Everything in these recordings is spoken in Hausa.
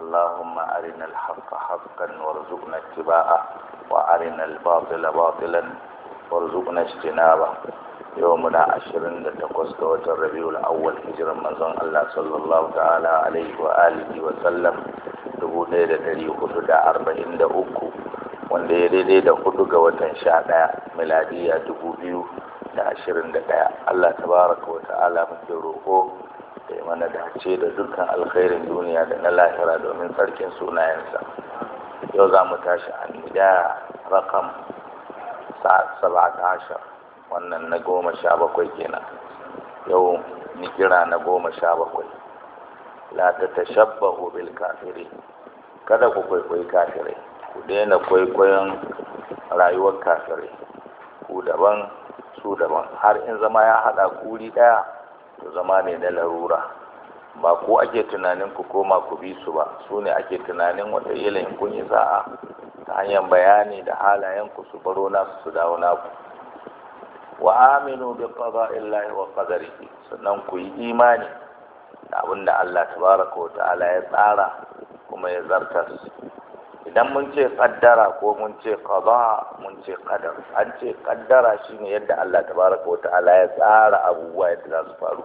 اللهم أرنا الحق حقا وارزقنا اتباعه وأرنا الباطل باطلا وارزقنا اجتنابه يومنا عشرين لتقصد وتر ربيع الأول هجر منزون الله صلى الله تعالى عليه وآله وسلم دبونا لدري خدود أربعين لأكو wanda ya daidai da hudu ga watan sha ɗaya miladiya dubu biyu da ashirin da ɗaya allah tabaraka wa ta'ala muke roƙo ya mana dace da dukkan alkhairin duniya da na lahira domin tsarkin sunayensa yau za mu tashi a nida rakam 17 wannan na goma sha bakwai kenan yau ni kira na goma sha bakwai la ta tashabbahu bil kafiri kada ku kwaikwayi kafirai ku daina kwaikwayon rayuwar kafirai ku daban su daban har in zama ya haɗa kuri ɗaya to zama ne na larura ba ko ake tunanin ku koma ku bi su ba su ne ake tunanin wata in kun yi sa'a ta hanyar bayani da halayen ku su baro nasu su dawo ku. wa aminu bi qada'illahi wa qadarihi sannan ku yi imani da abinda Allah tabaraka wa ta'ala ya tsara kuma ya zartar idan mun ce kaddara ko mun ce qada mun ce qadar an ce kaddara shine yadda Allah tabaraka wa ta'ala ya tsara abubuwa yadda za su faru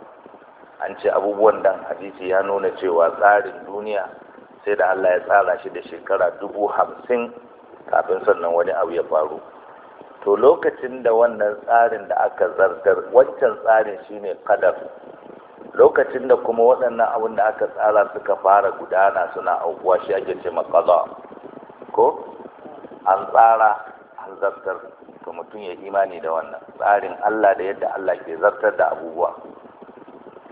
an ce abubuwan dan hadisi ya nuna cewa tsarin duniya sai da Allah ya tsara shi da shekara dubu hamsin kafin sannan wani abu ya faru to lokacin da wannan tsarin da aka zartar wancan tsarin shine qadar lokacin da kuma waɗannan abin da aka tsara suka fara gudana suna aukuwa shi ake ce maqada ko an tsara an zartar to mutum ya imani da wannan tsarin Allah da yadda Allah ke zartar da abubuwa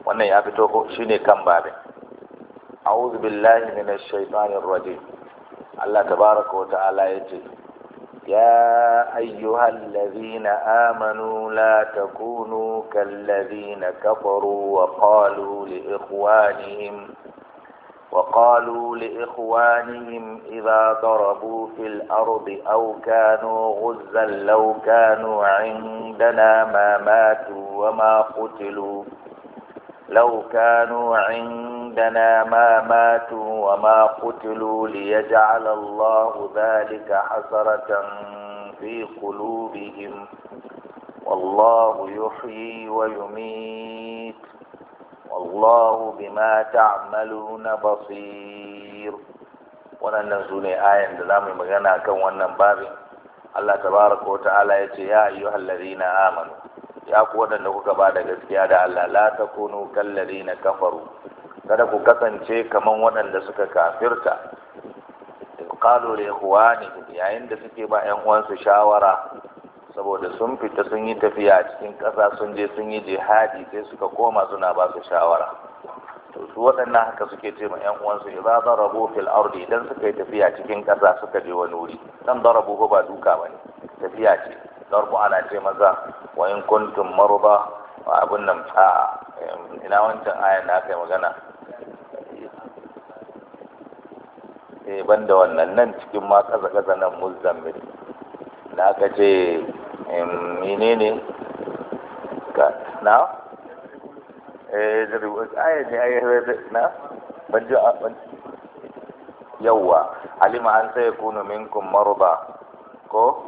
wannan ya fito ko shine kan babin a'udhu billahi minash shaitanir rajim Allah tabaraka wa ta'ala yace amanu la takunu kal ladhina kafaru wa qalu li ikhwanihim وقالوا لإخوانهم إذا ضربوا في الأرض أو كانوا غزا لو كانوا عندنا ما ماتوا وما قتلوا لو كانوا عندنا ما ماتوا وما قتلوا ليجعل الله ذلك حسرة في قلوبهم والله يحيي ويميت wallahu bima ta'maluna basir wannan su ne ayan da zamu magana kan wannan babin Allah tabaraka ta'ala ya ce ya ayyuhal amanu ya ku wadanda kuka ba da gaskiya da Allah la takunu kal kafaru kada ku kasance kaman wadanda suka kafirta qalu li ikhwani yayin da suke ba ƴan uwansu shawara saboda sun fita sun yi tafiya a cikin ƙasa sun je sun yi jihadi sai suka koma suna ba su shawara to su waɗannan haka suke ce ma ƴan uwansu a rabu fil ardi idan suka yi tafiya cikin ƙasa suka je wani wuri dan darabu ba duka bane tafiya ce darbu ana ce maza wa in kuntum wa abun nan a ina wancan ayan da aka yi magana eh banda wannan nan cikin ma kaza kaza nan muzammil Na aka ce menene ka na eh da ayat ne na ban alima an sai kunu minkum marba ko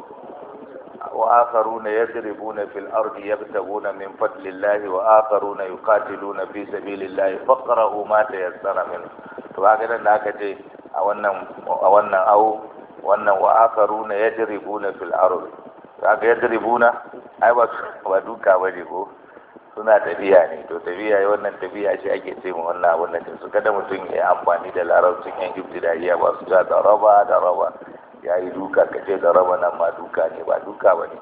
وآخرون يضربون في الأرض يبتغون من فضل الله وآخرون يقاتلون في سبيل الله فقرأوا ما تيسر منه وهكذا ناكتي wannan أو wannan wa akaruna yadribuna fil ya jiri buna ai ba ba duka bane ko suna tafiya ne to tafiya wannan tafiya shi ake ce mu wannan abun nan su kada mutum ya amfani da larabcin yan iya ba su da raba da raba ya yi duka ka ce da raba nan ma duka ne ba duka ba ne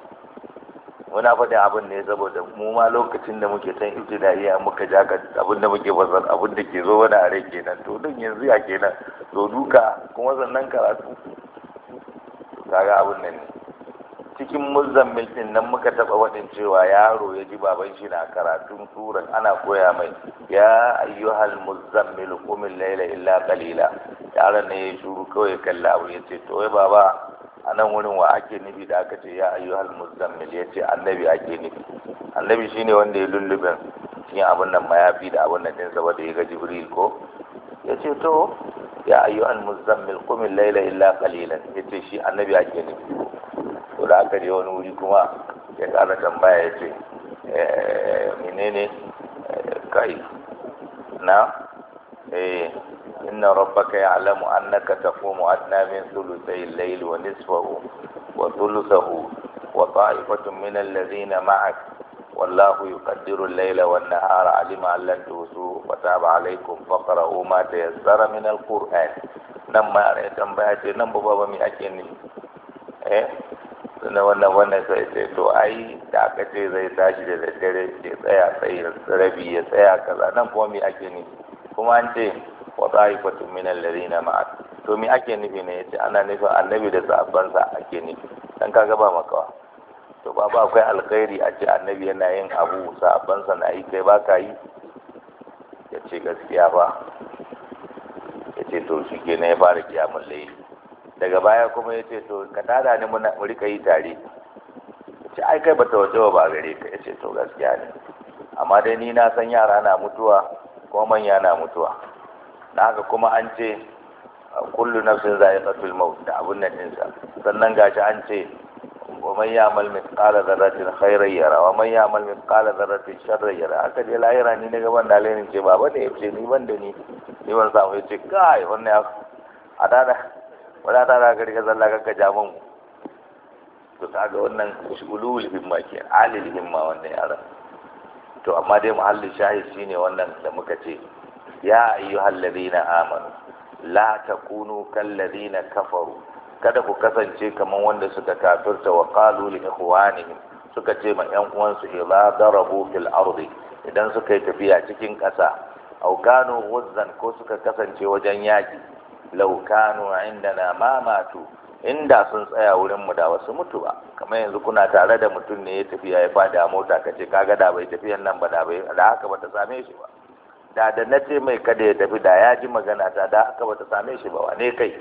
muna faɗin abin ne saboda mu ma lokacin da muke can ibtidaiya muka ja ka abin da muke bazan abin da ke zo wani a rai kenan to din yanzu ya kenan to duka kuma sannan karatu kaga abin nan ne cikin muzammil din nan muka taba wadin cewa yaro ya ji baban shi na karatun suran ana koya mai ya ayyuhal muzammil qum al-layla illa qalila yaron ne ya shuru kawai kalla abu yace to wai baba anan wurin wa ake nufi da aka ce ya ayyuhal muzammil ya ce annabi ake nufi annabi shine wanda ya lullubin cikin abin nan mayafi da abin nan din saboda ya ga jibril ko ya ce to ya ayyu an muzammil kumin laila illa qalilan ya ce shi annabi ake ne to da aka je wani wuri kuma ya kara tambaya ya ce menene kai na eh inna rabbaka ya'lamu annaka taqumu adna min thuluthay al-layli wa nisfahu wa thuluthahu wa ta'ifatun min alladhina ma'ak al-layla يقدر nahara alima allan أن لن تهزوه وتاب عليكم فقرأوا ما تيسر من القرآن nan ma ne tambaya ce nan ba ba mi ake ni. eh sunan wannan wannan sai sai to ai da aka ce zai tashi da daddare ya tsaya tsayi rabi ya tsaya kaza nan kuma mi ake ni kuma an ce wa ta'ifatu min alladhina ma'a to mi ake nufi ne yace ana nufin annabi da sahabbansa ake nufi dan kaga ba makawa to ba ba akwai alkhairi a ce annabi yana yin abu sabon sana yi kai ba ka yi ya ce gaskiya ba ya ce to shi ke na ya fara kiyamun layi daga baya kuma ya ce to ka tada ni muna ka yi tare ya ce ai kai bata wajewa ba gare ka ya ce to gaskiya ne amma dai ni na san yara na mutuwa kuma manya na mutuwa na haka kuma an ce kullu nafsin za'iqatul maut da abun nan ɗinsa sannan gashi an ce ومن يعمل مثقال ذرة خيرا يرى ومن يعمل مثقال ذرة شرا يرى aka je lahira ni daga ban dalai ne ce baba ne yace ni ban da ni ni ban samu yace kai wannan a dada wala ta daga gari ka zalla ka ja mun to kaga wannan ulul himma ke alil himma wannan yara to amma dai muhalli shahid shine wannan da muka ce ya ayyuhal ladina amanu la takunu kal ladina kafaru kada ku kasance kamar wanda suka kafirta wa qalu li ikhwanihim suka ce ma yan uwansu idza darabu fil ardi idan suka yi tafiya cikin ƙasa aw kanu wazzan ko suka kasance wajen yaki law kanu indana ma matu inda sun tsaya wurin mu da wasu mutu kamar yanzu kuna tare da mutum ne ya tafiya ya fada a mota kace kaga da bai tafiyan nan ba da bai da haka bata same shi ba da da nace mai kada ya tafi da ya ji magana ta da haka bata same shi ba wane kai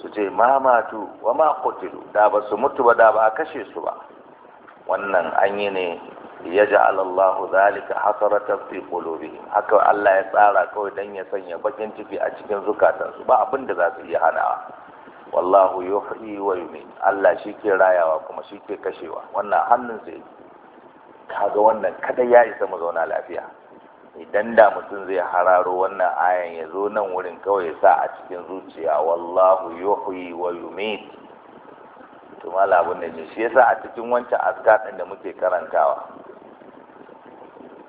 su ce mamatu! matu wa ma kotilu da ba su mutu ba da ba a kashe su ba wannan an yi ne ya ji alallahu zalika hasaratar fi kulobi haka Allah ya tsara kawai don ya sanya bakin ciki a cikin zukatansu ba abin da za su iya hanawa wallahu yuhyi wa ne. Allah shi ke rayawa kuma shi ke kashewa wannan hannun sai kaga wannan kada ya isa mu zauna lafiya idan da mutum zai hararo wannan ayan ya zo nan wurin kawai ya sa a cikin zuciya wallahu yuhyi wa yumit to abun da shi yasa a cikin wancan azkar din da muke karantawa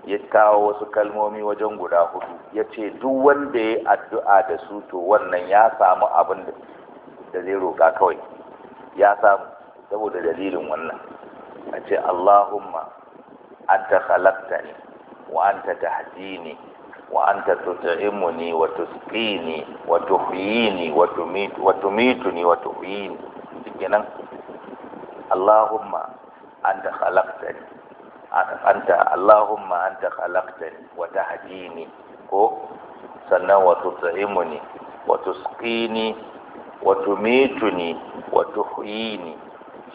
ya kawo wasu kalmomi wajen guda hudu ya ce duk wanda ya addu'a da su to wannan ya samu abin da zai roƙa kawai ya samu saboda dalilin wannan a ce allahumma anta khalaqtani wa anta tahdini wa anta tut'imuni wa tuskini, wa tuhyini wa tumitu wa tumituni wa tuhyini kenan Allahumma anta khalaqtani anta Allahumma anta khalaqtani wa tahdini ko sannan wa tut'imuni wa tuskini, wa tumituni wa tuhyini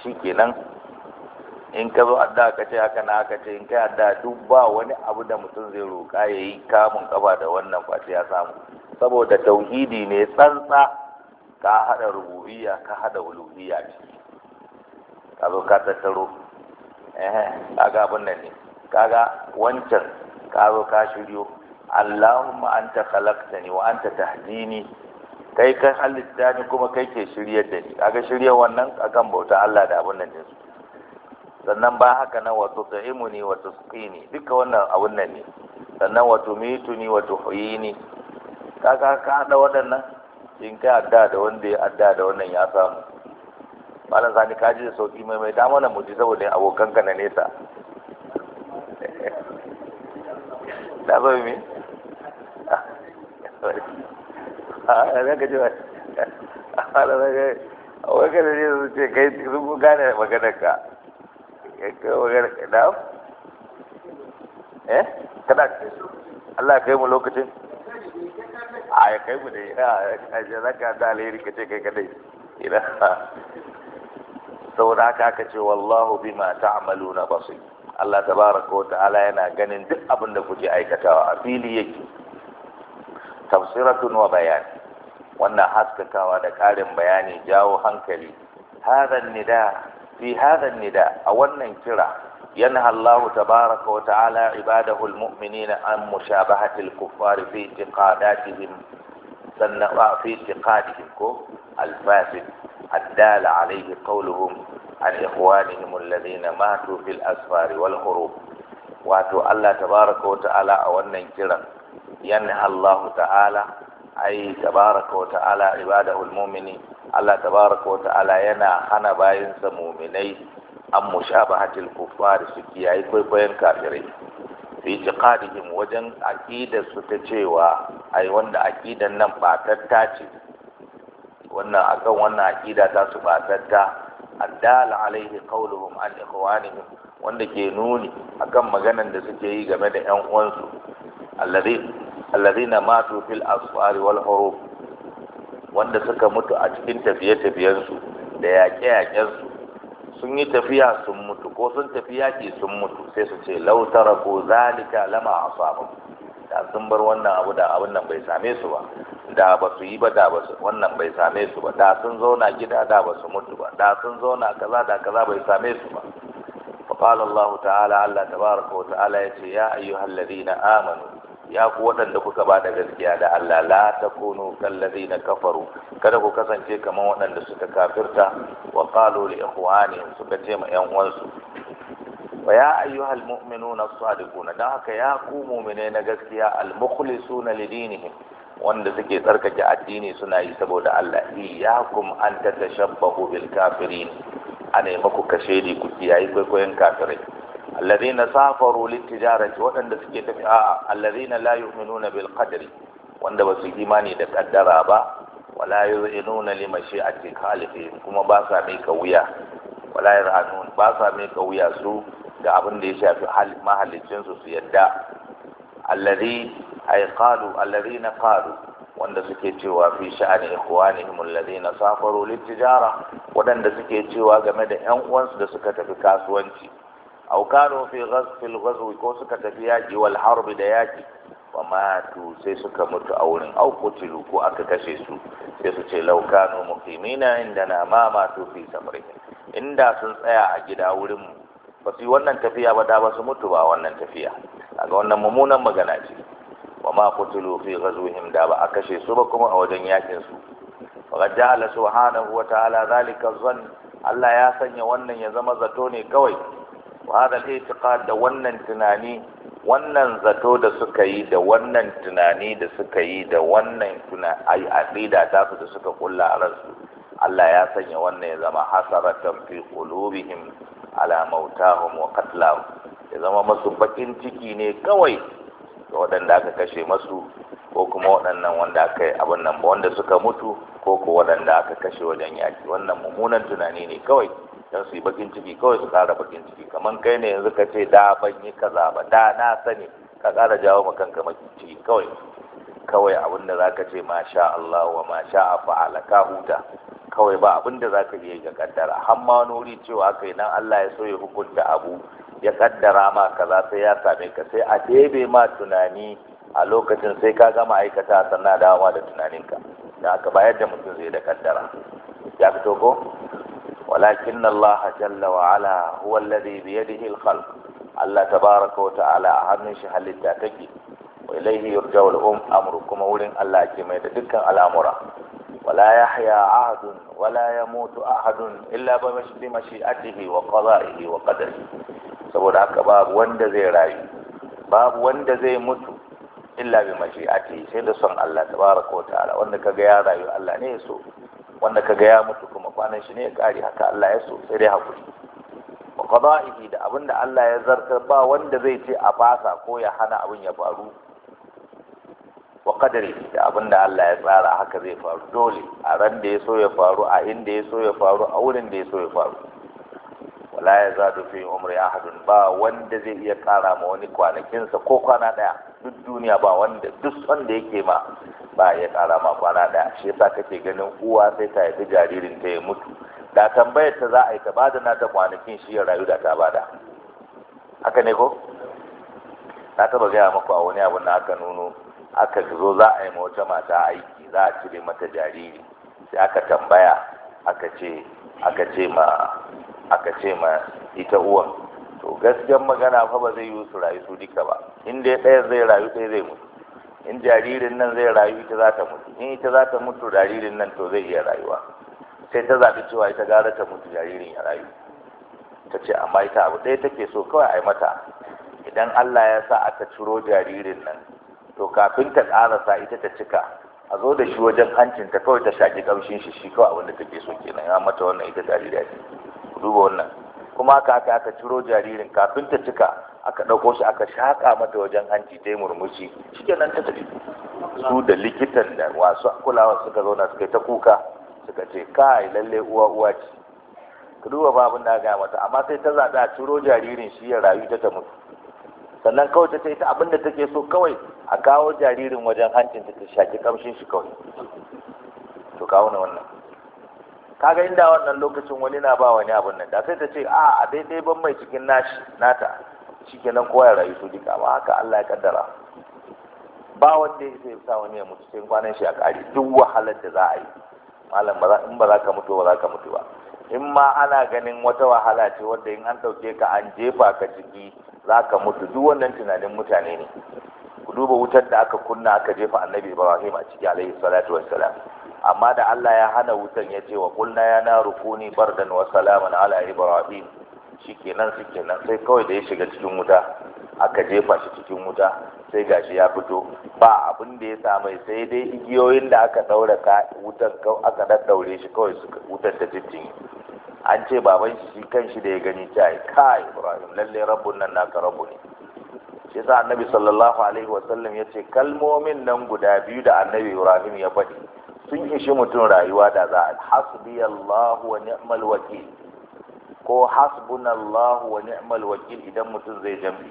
shikenan in ka zo adda ka ce haka na ka ce in kai adda duk ba wani abu da mutum zai roƙa ya yi kamun kaba da wannan kwace ya samu saboda tauhidi ne tsantsa ka haɗa rububiyya ka haɗa uluhiyya ne. ka zo ka tattaro eh kaga abin nan ne kaga wancan ka zo ka shiryo Allahumma anta khalaqtani wa anta tahdini kai kan halitta ni kuma kai ke shiryar da ni kaga shiryar wannan akan bauta Allah da abin nan din sannan ba haka nan wato ne wato tusqini duka wannan abun nan ne sannan wato mitu ne wato hoyi ne. ka hada waɗannan in kai adda da wanda ya adda da wannan ya samu malam sani kaji da sauki mai mai dama na muji saboda abokan ka na nesa Na zo mi a ji ba a zaka ji a ne su ce kai sun gane maganar ka eh kada ka su Allah kai mu lokacin a ya kai mu dai a ya zaka da alheri kace kai kadai ila saboda haka aka ce wallahu bima ta'maluna basir Allah tabaraka wa ta'ala yana ganin duk abin da kuke aikatawa a fili yake tafsiratun wa bayani wannan haskakawa da karin bayani jawo hankali hadha nida في هذا النداء أو النكرة ينهى الله تبارك وتعالى عباده المؤمنين عن مشابهة الكفار في اعتقاداتهم في اعتقادهم الفاسد الدال عليه قولهم عن إخوانهم الذين ماتوا في الأسفار والحروب واتو الله تبارك وتعالى أو النكرة ينهى الله تعالى أي تبارك وتعالى عباده المؤمنين Allah tabaraka wa ta'ala yana hana bayinsa muminai an mushabahatil kuffar su kiyaye kwaikwayon kafirai fi itiqadihim wajen aqidar su ta cewa ai wanda aqidan nan batatta ce wannan akan wannan aqida ta su batatta addala alaihi qauluhum an ikhwanihim wanda ke nuni akan maganan da suke yi game da 'yan uwansu alladhi alladhina matu fil asfar wal huruf wanda suka mutu a cikin tafiye-tafiyensu da yaƙe-yaƙensu sun yi tafiya sun mutu ko sun tafi yaƙi sun mutu sai su ce lautara ko zalika lama a asabu da sun bar wannan abu da abin nan bai same su ba da ba su yi ba da ba su wannan bai same su ba da sun zauna gida da ba su mutu ba da sun zauna kaza da kaza bai same su ba فقال الله تعالى الله تبارك ya يا أيها الذين amanu ya ku waɗanda kuka ba da gaskiya da Allah la takunu na kafaru kada ku kasance kamar waɗanda suka kafirta wa qalu li ikhwanihim suka ce ma ƴan uwansu wa ya ayyuhal mu'minuna as-sadiquna dan haka ya ku mu'mine na gaskiya al-mukhlisuna li dinihim wanda suke tsarkake addini suna yi saboda Allah iyyakum an tatashabbahu bil kafirin ana yi maku kashe ku kiyaye kwaikwayon kafirai na safaru littijarati waɗanda suke tafi a na la yu'minuna bil qadri wanda ba su imani da kaddara ba wala yu'minuna li mashi'ati khaliqin kuma ba sa mai kauya wala yarhanun ba sa mai kauya su ga abin da ya shafi mahallicin su su yadda alladhi ay qalu alladhina qalu wanda suke cewa fi sha'ani ikhwanihim na safaru litijara waɗanda suke cewa game da yan uwansu da suka tafi kasuwanci aw kanu fi ghazfil ko suka tafi yaki wal harbi da yaki wa matu sai suka mutu a wurin aw qutilu ko aka kashe su sai su ce law kanu muqimina indana ma matu fi samrihim inda sun tsaya a gida wurin mu ba su yi wannan tafiya ba da ba su mutu ba wannan tafiya daga wannan mummunan magana ce wa ma qutilu fi ghazwihim da ba a kashe su ba kuma a wajen yakin su faqad ja'ala subhanahu wa ta'ala zalika zann Allah ya sanya wannan ya zama zato ne kawai wa hadha da wannan tunani wannan zato da suka yi da wannan tunani da suka yi da wannan tuna ai aqida ta su da suka kulla a ransu Allah ya sanya wannan ya zama hasaratan fi qulubihim ala mautahum wa qatlahum ya zama masu bakin ciki ne kawai ga waɗanda aka kashe masu ko kuma waɗannan wanda aka yi abin nan ba wanda suka mutu ko ko waɗanda aka kashe wajen yaki. wannan mummunan tunani ne kawai don su yi bakin ciki kawai su kara bakin ciki kamar kai ne yanzu ka ce da ban yi kaza ba da na sani ka kara jawo ma kanka bakin ciki kawai kawai abin da zaka ce masha Allah wa masha fa'ala ka huta kawai ba abin da zaka yi ga kaddara har ma nuri cewa kai nan Allah ya so ya hukunta abu ya kaddara ma kaza sai ya same ka sai a debe ma tunani a lokacin sai ka gama aikata sannan dawowa da tunaninka da aka bayar da mutum zai da kaddara ya fito ko ولكن الله جل وعلا هو الذي بيده الخلق الله تبارك وتعالى أهم شهل التاتكي وإليه يرجع الأم أمر كما ولن الله كما يتدك الأمر ولا يحيا أحد ولا يموت أحد إلا بمشيئته وقضائه وقدره saboda haka babu wanda zai rayu babu wanda zai mutu illa bi mashi'ati sai da son Allah tabaraka wa ta'ala wanda kaga ya rayu Allah ne so wanda ka gaya ya mutu kuma kwanan shi ne ya kare haka Allah ya so sai dai hakuri wa qada'ihi da abinda Allah ya zartar ba wanda zai ce a fasa ko ya hana abin ya faru wa qadari da abinda Allah ya tsara haka zai faru dole a ran da ya so ya faru a inda ya so ya faru a wurin da ya so ya faru wala ya zadu fi umri ahadun ba wanda zai iya kara ma wani kwanakinsa ko kwana daya duk duniya ba wanda duk wanda yake ma ba ya kara ma kwana daya shi yasa kake ganin uwa sai ta haifi jaririn ta ya mutu da tambayar ta za a yi ta bada na ta kwanakin shi ya rayu da ta bada haka ne ko na taba gaya maku a wani abu na aka nuno aka zo za a yi ma wata mata aiki za a cire mata jariri sai aka tambaya aka ce aka ce ma aka ce ma ita uwan to gaskiyar magana fa ba zai yi su rayu su duka ba in dai ɗaya zai rayu ɗaya zai mutu in jaririn nan zai rayu ita za ta mutu in ita za ta mutu jaririn nan to zai iya rayuwa sai ta zaɓi cewa ita gara ta mutu jaririn ya rayu ta ce amma ita abu ɗaya take so kawai a yi mata idan Allah ya sa aka ciro jaririn nan to kafin ta ƙarasa ita ta cika a zo da shi wajen hancinta kawai ta shaƙi ƙamshin shi shi kawai abin da take so kenan ya mata wannan ita ya ce duba wannan kuma haka aka aka ciro jaririn kafin ta cika aka ɗauko shi aka shaƙa mata wajen hanci ta yi murmushi shikenan ta tafi su da likitan da wasu kulawa suka zauna suka yi ta kuka suka ce kai lalle uwa uwa ce ka duba babin da gaya mata amma sai ta zaɓi a ciro jaririn shi ya rayu ta ta mutu sannan kawai ta ce ta abin da take so kawai a kawo jaririn wajen hancin ta ta shaƙi ƙamshin shi kawai to kawo na wannan kaga inda wannan lokacin wani na ba wani abun nan da sai ta ce a a daidai ban mai cikin nashi nata shikenan kowa ya rayu su duka amma haka Allah ya kaddara ba wanda ya sa wani ya mutu sai kwanan shi a kare duk wahalar da za a yi malam ba in ba za ka mutu ba za ka mutu ba in ma ana ganin wata wahala ce wadda in an ɗauke ka an jefa ka ciki za ka mutu duk wannan tunanin mutane ne ku duba wutar da aka kunna aka jefa annabi ibrahim a ciki alaihi salatu wassalam amma da Allah ya hana wutan ya ce wa kulna ya na rukuni bardan wa salaman ala ibrahim shikenan shikenan sai kawai da ya shiga cikin wuta aka jefa shi cikin wuta sai gashi ya fito ba abin da ya samu sai dai igiyoyin da aka daura ka wutan aka daddaure shi kawai wutan ta tittin an ce baban shi shi da ya gani ta yi ka ibrahim lalle rabbun nan naka rabbu ne shi sa annabi sallallahu alaihi wasallam ya ce kalmomin nan guda biyu da annabi ibrahim ya faɗi sun ishi mutum rayuwa da za a hasbi Allah wa ni'mal wakil ko hasbunallahu wa ni'mal wakil idan mutum zai jami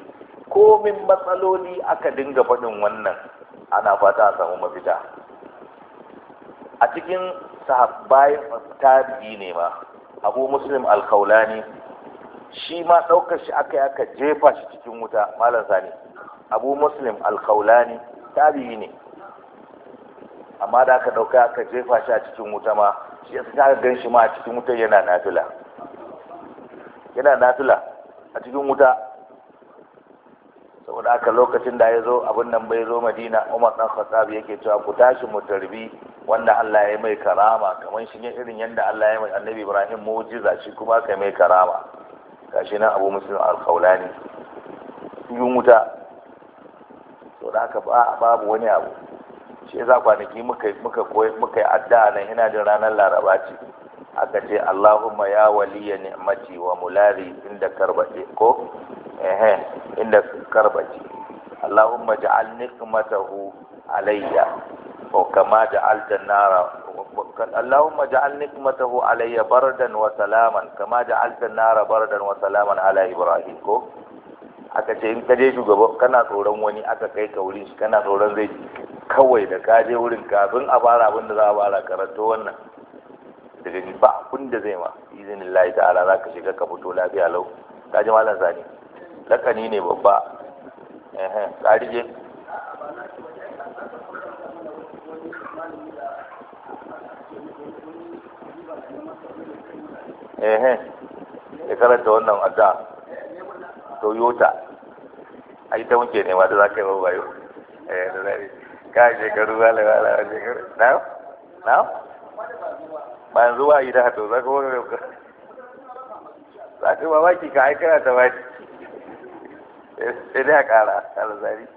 Ko min matsaloli aka dinga faɗin wannan ana fata a samu mafita a cikin sahabbai tabi'i ne ma abu muslim alkaulani shi ma ɗaukar shi aka aka jefa shi cikin wuta malam sani abu muslim alkaulani tabi'i ne amma da aka ɗauka aka jefa shi a cikin wuta ma shi yasa ta gan shi ma a cikin wuta yana nafila yana nafila a cikin wuta saboda aka lokacin da ya zo abin nan bai zo madina umar dan khattab yake cewa ku tashi mu tarbi wanda Allah ya mai karama kamar shi ne irin yanda Allah ya mai annabi ibrahim mu'jiza shi kuma ka mai karama gashi nan abu muslim al-qaulani yun wuta saboda aka ba babu wani abu shi yasa kwanaki muka muka koyi muka yi addu'a nan ina jin ranar laraba ce aka ce Allahumma ya waliya ni'mati wa mulari inda karbace ko eh inda karbace Allahumma ja'al nikmatahu alayya ko kama ja'al tanara Allahumma ja'al nikmatahu alayya bardan wa salaman kama ja'al tanara bardan wa salaman ala Ibrahim ko aka ce in ka je shugaban kana tsoron wani aka kai ka wurin shi kana tsoron zai kawai da ka je wurin kafin a fara abin da za a fara karanto wannan daga ni ba abin da zai ma izinin lahi ala za ka shiga ka fito lafiya lau ka ji malam sani lakani ne babba tsari ehe ya karanta wannan addu'a toyota a ita muke nema da za ka yi a ba bayo ka shekaru zalaba ala shekaru na na ba zuwa ba gida to za ka wani ka za ka mamaki ka aikana ta ba eh, sai dai a kara alazari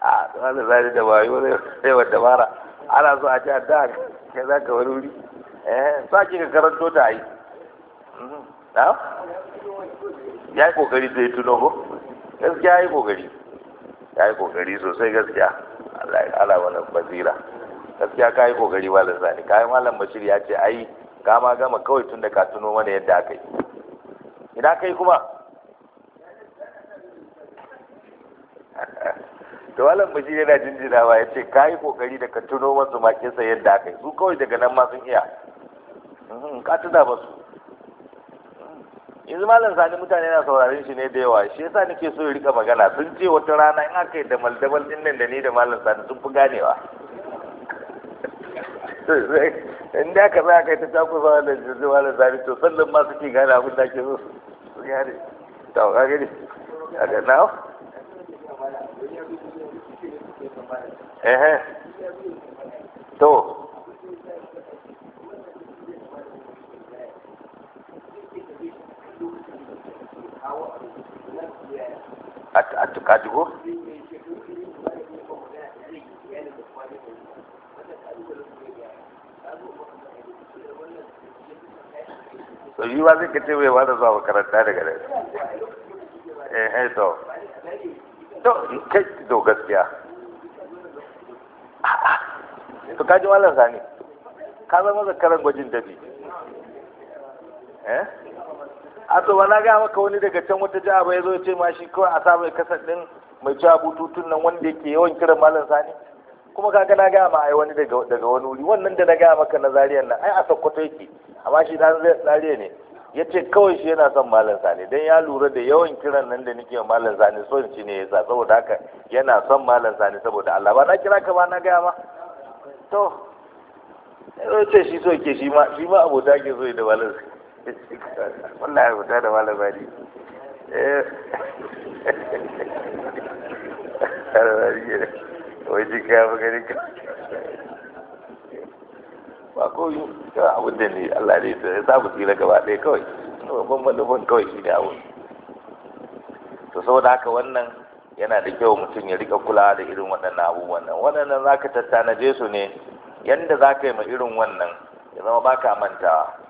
a alazari da bayo sai wadda bara ana so a ce a da ka za ka wani wuri eh sa ki ka karanto ta yi mhm. na ya yi kokari zai tuno ko gaskiya ya yi kokari ya yi kokari sosai gaskiya Allah ya ala wani basira gaskiya ka yi kokari ba da ka yi malam bashir ya ce ai ka ma gama kawai tun da ka tuno mana yadda aka yi ina kai kuma da malam bashir yana jinjinawa ya ce ka yi kokari da ka tuno masu makinsa yadda aka yi su kawai daga nan ma sun iya mhm, ka tuna ba su yanzu malam sani mutane na sauraron shi ne da yawa shi yasa nake so ya rika magana sun ce wata rana in aka yi damal damal din nan da ni da malam sani sun fi ganewa in da aka tsaya kai ta taku zawa da jirgin malam sani to sallan ma suke gane abin da ke so su gane to ka gani a ga na eh, eh to a tukatuko so yi wa zai kete mai wata zuwa makaranta daga da eh eh to to kai to gaskiya to kaji malam sani ka zama zakaran gwajin dabi eh a tsoba na ga maka wani daga can wata jiha bai zo ce ma shi kawai a samu kasar din mai jiha bututun nan wanda yake yawan kiran malam sani kuma kaga na ga ma ai wani daga daga wani wuri wannan da na ga maka na zariyan nan ai a sakkwato yake amma shi dan zariya ne ya ce kawai shi yana son malam sani dan ya lura da yawan kiran nan da nake malam sani son shi ne yasa saboda haka yana son malam sani saboda Allah ba na kira ka ba na ga ma to ce shi so ke shi ma shi ma abota ke so da malam sani wallahi rubuta da malama eh. ne wajen kafa gani ka ba ko yi kawai abin da ne Allah ne ya ku tsira gaba ɗaya kawai babban manufan kawai shi ne abu to saboda haka wannan yana da kyau mutum ya rika kula da irin waɗannan abubuwan nan waɗannan za ka je su ne yadda za ka yi ma irin wannan ya zama ba ka mantawa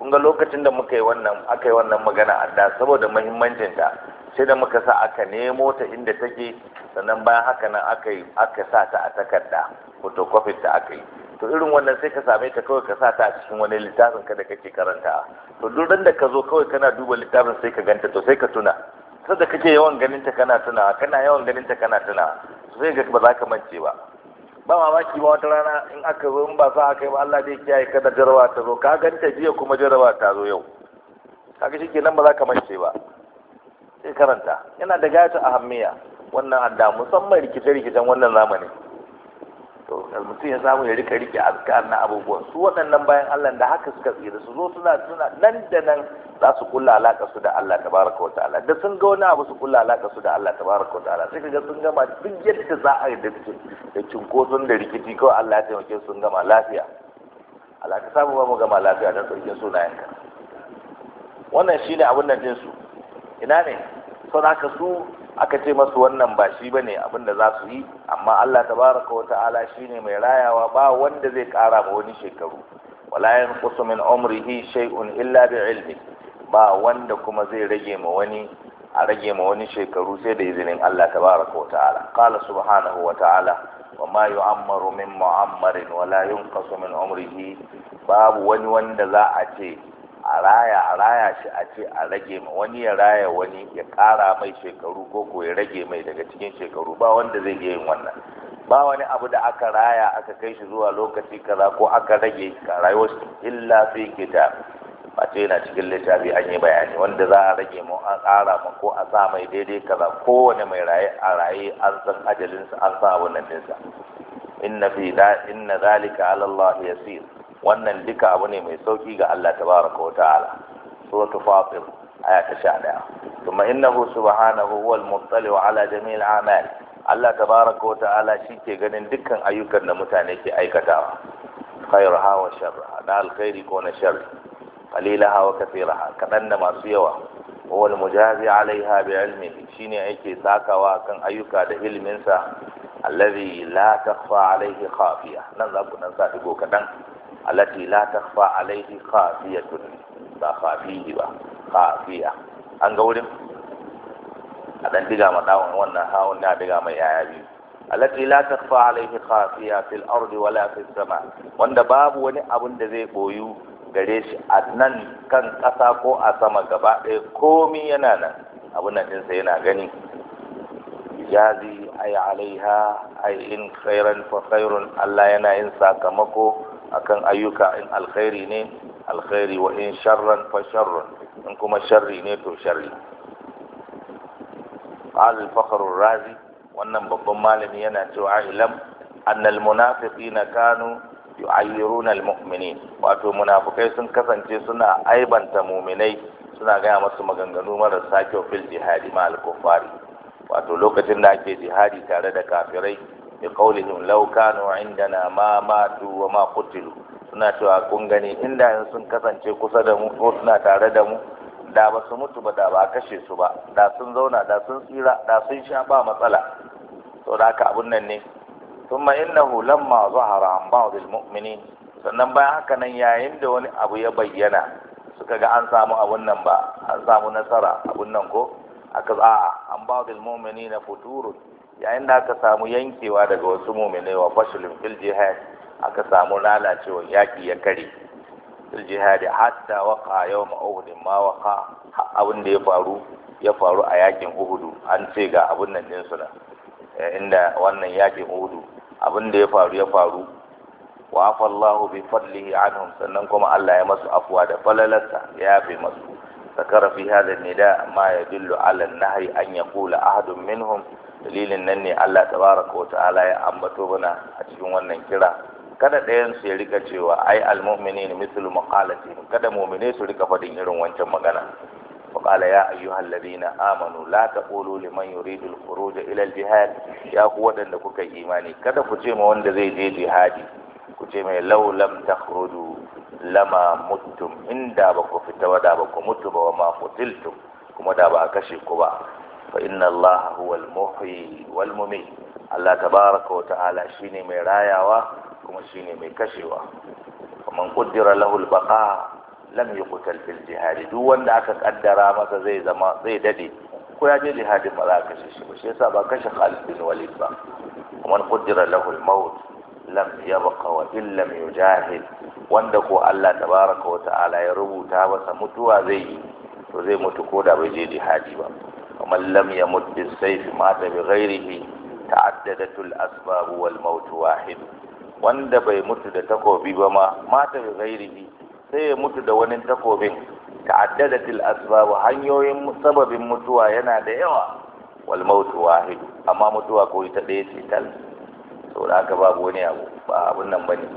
kun ga lokacin da muka yi wannan aka yi wannan magana a da saboda muhimmancin ta sai da muka sa aka nemo ta inda take sannan bayan haka nan aka yi aka sa ta a takarda photocopy ta aka yi to irin wannan sai ka same ta kawai ka sa ta a cikin wani littafin ka da kake karanta to duk ran da ka zo kawai kana duba littafin sai ka ganta to sai ka tuna sai da kake yawan ganin ta kana tuna kana yawan ganin ta kana tuna sai ga ba za ka mance ba ba mamaki ba wata rana in aka zo in ba sa aka yi ba Allah zai kiyaye kada jarawa ta zo ka ganta jiya kuma jarawa ta zo yau kaga nan ba za ka mace ba sai karanta yana da gata ahammiya wannan adda musamman rikice-rikicen wannan zamani. to mutum ya samu ya rika rike azkar na abubuwan su waɗannan bayan Allah da haka suka tsira su zo suna suna nan da nan za su kulla alaka su da Allah tabaraka wa ta'ala da sun ga wani abu su kulla alaka su da Allah tabaraka wa ta'ala sai kaga sun gama duk yadda za a yi da da cinkoson da rikici kawai Allah ya taimake sun gama lafiya Allah ka samu ba mu gama lafiya da sauƙin yanka wannan shine abin da din su ina ne saboda haka su aka ce masu wannan ba shi bane abin da za su yi amma Allah tabaraka wa ta'ala shine mai rayawa ba wanda zai kara ba wani shekaru wala yanqusu min umrihi shay'un illa bi ilmi ba wanda kuma zai rage ma wani a rage ma wani shekaru sai da izinin Allah tabaraka wa ta'ala qala subhanahu wa ta'ala wa ma yu'ammaru min mu'ammarin wala yunqasu min umrihi babu wani wanda za a ce a raya a raya shi a ce a rage ma wani ya raya wani ya kara mai shekaru ko ko ya rage mai daga cikin shekaru ba wanda zai iya yin wannan ba wani abu da aka raya aka kai shi zuwa lokaci kaza ko aka rage rayuwar illa fi kita a ce yana cikin littafi an yi bayani wanda za a rage mu an kara mu ko a sa mai daidai kaza kowane mai raye a raye an san ajalinsa an sa abin nan dinsa. inna fi da inna zalika ala yasir wannan duka abu ne mai sauki ga Allah tabaraka wa ta'ala suratu fatir aya ta sha ɗaya kuma innahu subhanahu wal muttali ala jami'il a'mal Allah tabaraka wa ta'ala ke ganin dukkan ayyukan da mutane ke aikatawa khairuha wa sharruha na alkhairi ko na sharri qalilaha wa kathiraha kadan da masu yawa wal mujazi alaiha bi ilmihi shine yake sakawa kan ayyuka da ilminsa allazi la takhfa alaihi khafiya nan za ku dan sa digo kadan التي لا تخفى عليه خافية با خافيه ba خافية an ga wurin a dan diga ma dawon wannan hawon na diga mai yaya biyu allati la tafa alaihi khafiya fil ardi wala fis sama wanda babu wani abun da zai boyu gare shi a nan kan ƙasa ko a sama gaba ɗaya komi yana nan abun nan ɗinsa yana gani jazi ai alaiha ai in khairan fa khairun Allah yana yin sakamako akan ayyuka in alkhairi ne alkhairi wa in sharran fa sharran in kuma sharri ne to sharri قال الفخر الرازي wannan babban malami yana cewa ilam annal munafiqina kanu yu'ayyiruna almu'minin wato munafikai sun kasance suna aibanta mu'minai suna gaya masu maganganu marasa kyau fil jihadi ma al-kuffari wato lokacin da ake jihadi tare da kafirai biqaulihim law kanu indana ma matu wa ma qutilu suna cewa kun gani inda sun kasance kusa da mu ko suna tare da mu da ba su mutu ba da ba kashe su ba da sun zauna da sun tsira da sun sha ba matsala to da haka abun nan ne thumma innahu lamma zahara an ba'd mu'minin sannan bayan haka nan yayin da wani abu ya bayyana suka ga an samu abun nan ba an samu nasara abun nan ko aka za'a an ba'd mu'minin futurun yayin da aka samu yankewa daga wasu muminai wa fashilin fil jihad aka samu lalacewa yaki ya kare fil jihad hatta waqa yawm uhud ma waqa abin da ya faru ya faru a yakin uhudu an ce ga abin nan din na eh, inda wannan yakin uhudu abin da ya faru ya faru wa afa Allahu bi fadlihi anhum sannan kuma Allah ya masu afwa da falalarsa ya yafe masu sakara fi hadha nida ma yadullu ala an-nahyi an yaqula ahadun minhum dalilin nan ne Allah tabaraka wa ta'ala ya ambato bana a cikin wannan kira kada ɗayan su ya rika cewa ai almu'mini ne mislu maqalati kada mu'mine su rika fadin irin wancan magana wa qala ya ayyuhal ladina amanu la taqulu liman yuridu al-khuruj ya ku waɗanda kuka yi imani kada ku ce ma wanda zai je jihadi ku ce mai law lam takhruju lama muttum inda ba ku fita wada ba ku mutu ba wa ma kutiltum kuma da ba a kashe ku ba fa inna Allah huwa al-muhyi wal wa ta'ala shine mai rayawa kuma shine mai kashewa man qaddara lahu al-baqa lam yuqtal fil jihad duk wanda aka kaddara masa zai zama zai dade ko ya je jihadin ba za a kashe shi ba shi yasa ba kashe Khalid bin Walid ba man qaddara lahu al-maut lam yabqa wa illam yujahid wanda ko Allah tabaraka wa ta'ala ya rubuta masa mutuwa zai yi to zai mutu ko da bai je jihadi ba ومن لم يمت بالسيف مات بغيره تعددت الأسباب والموت واحد wanda bai mutu da takobi ba ma mata bi ghairihi sai ya mutu da wani takobin ta'addadatil asbab hanyoyin sababin mutuwa yana da yawa wal mautu wahid amma mutuwa ko ita ɗaya ce tal haka babu wani abu ba abun nan bane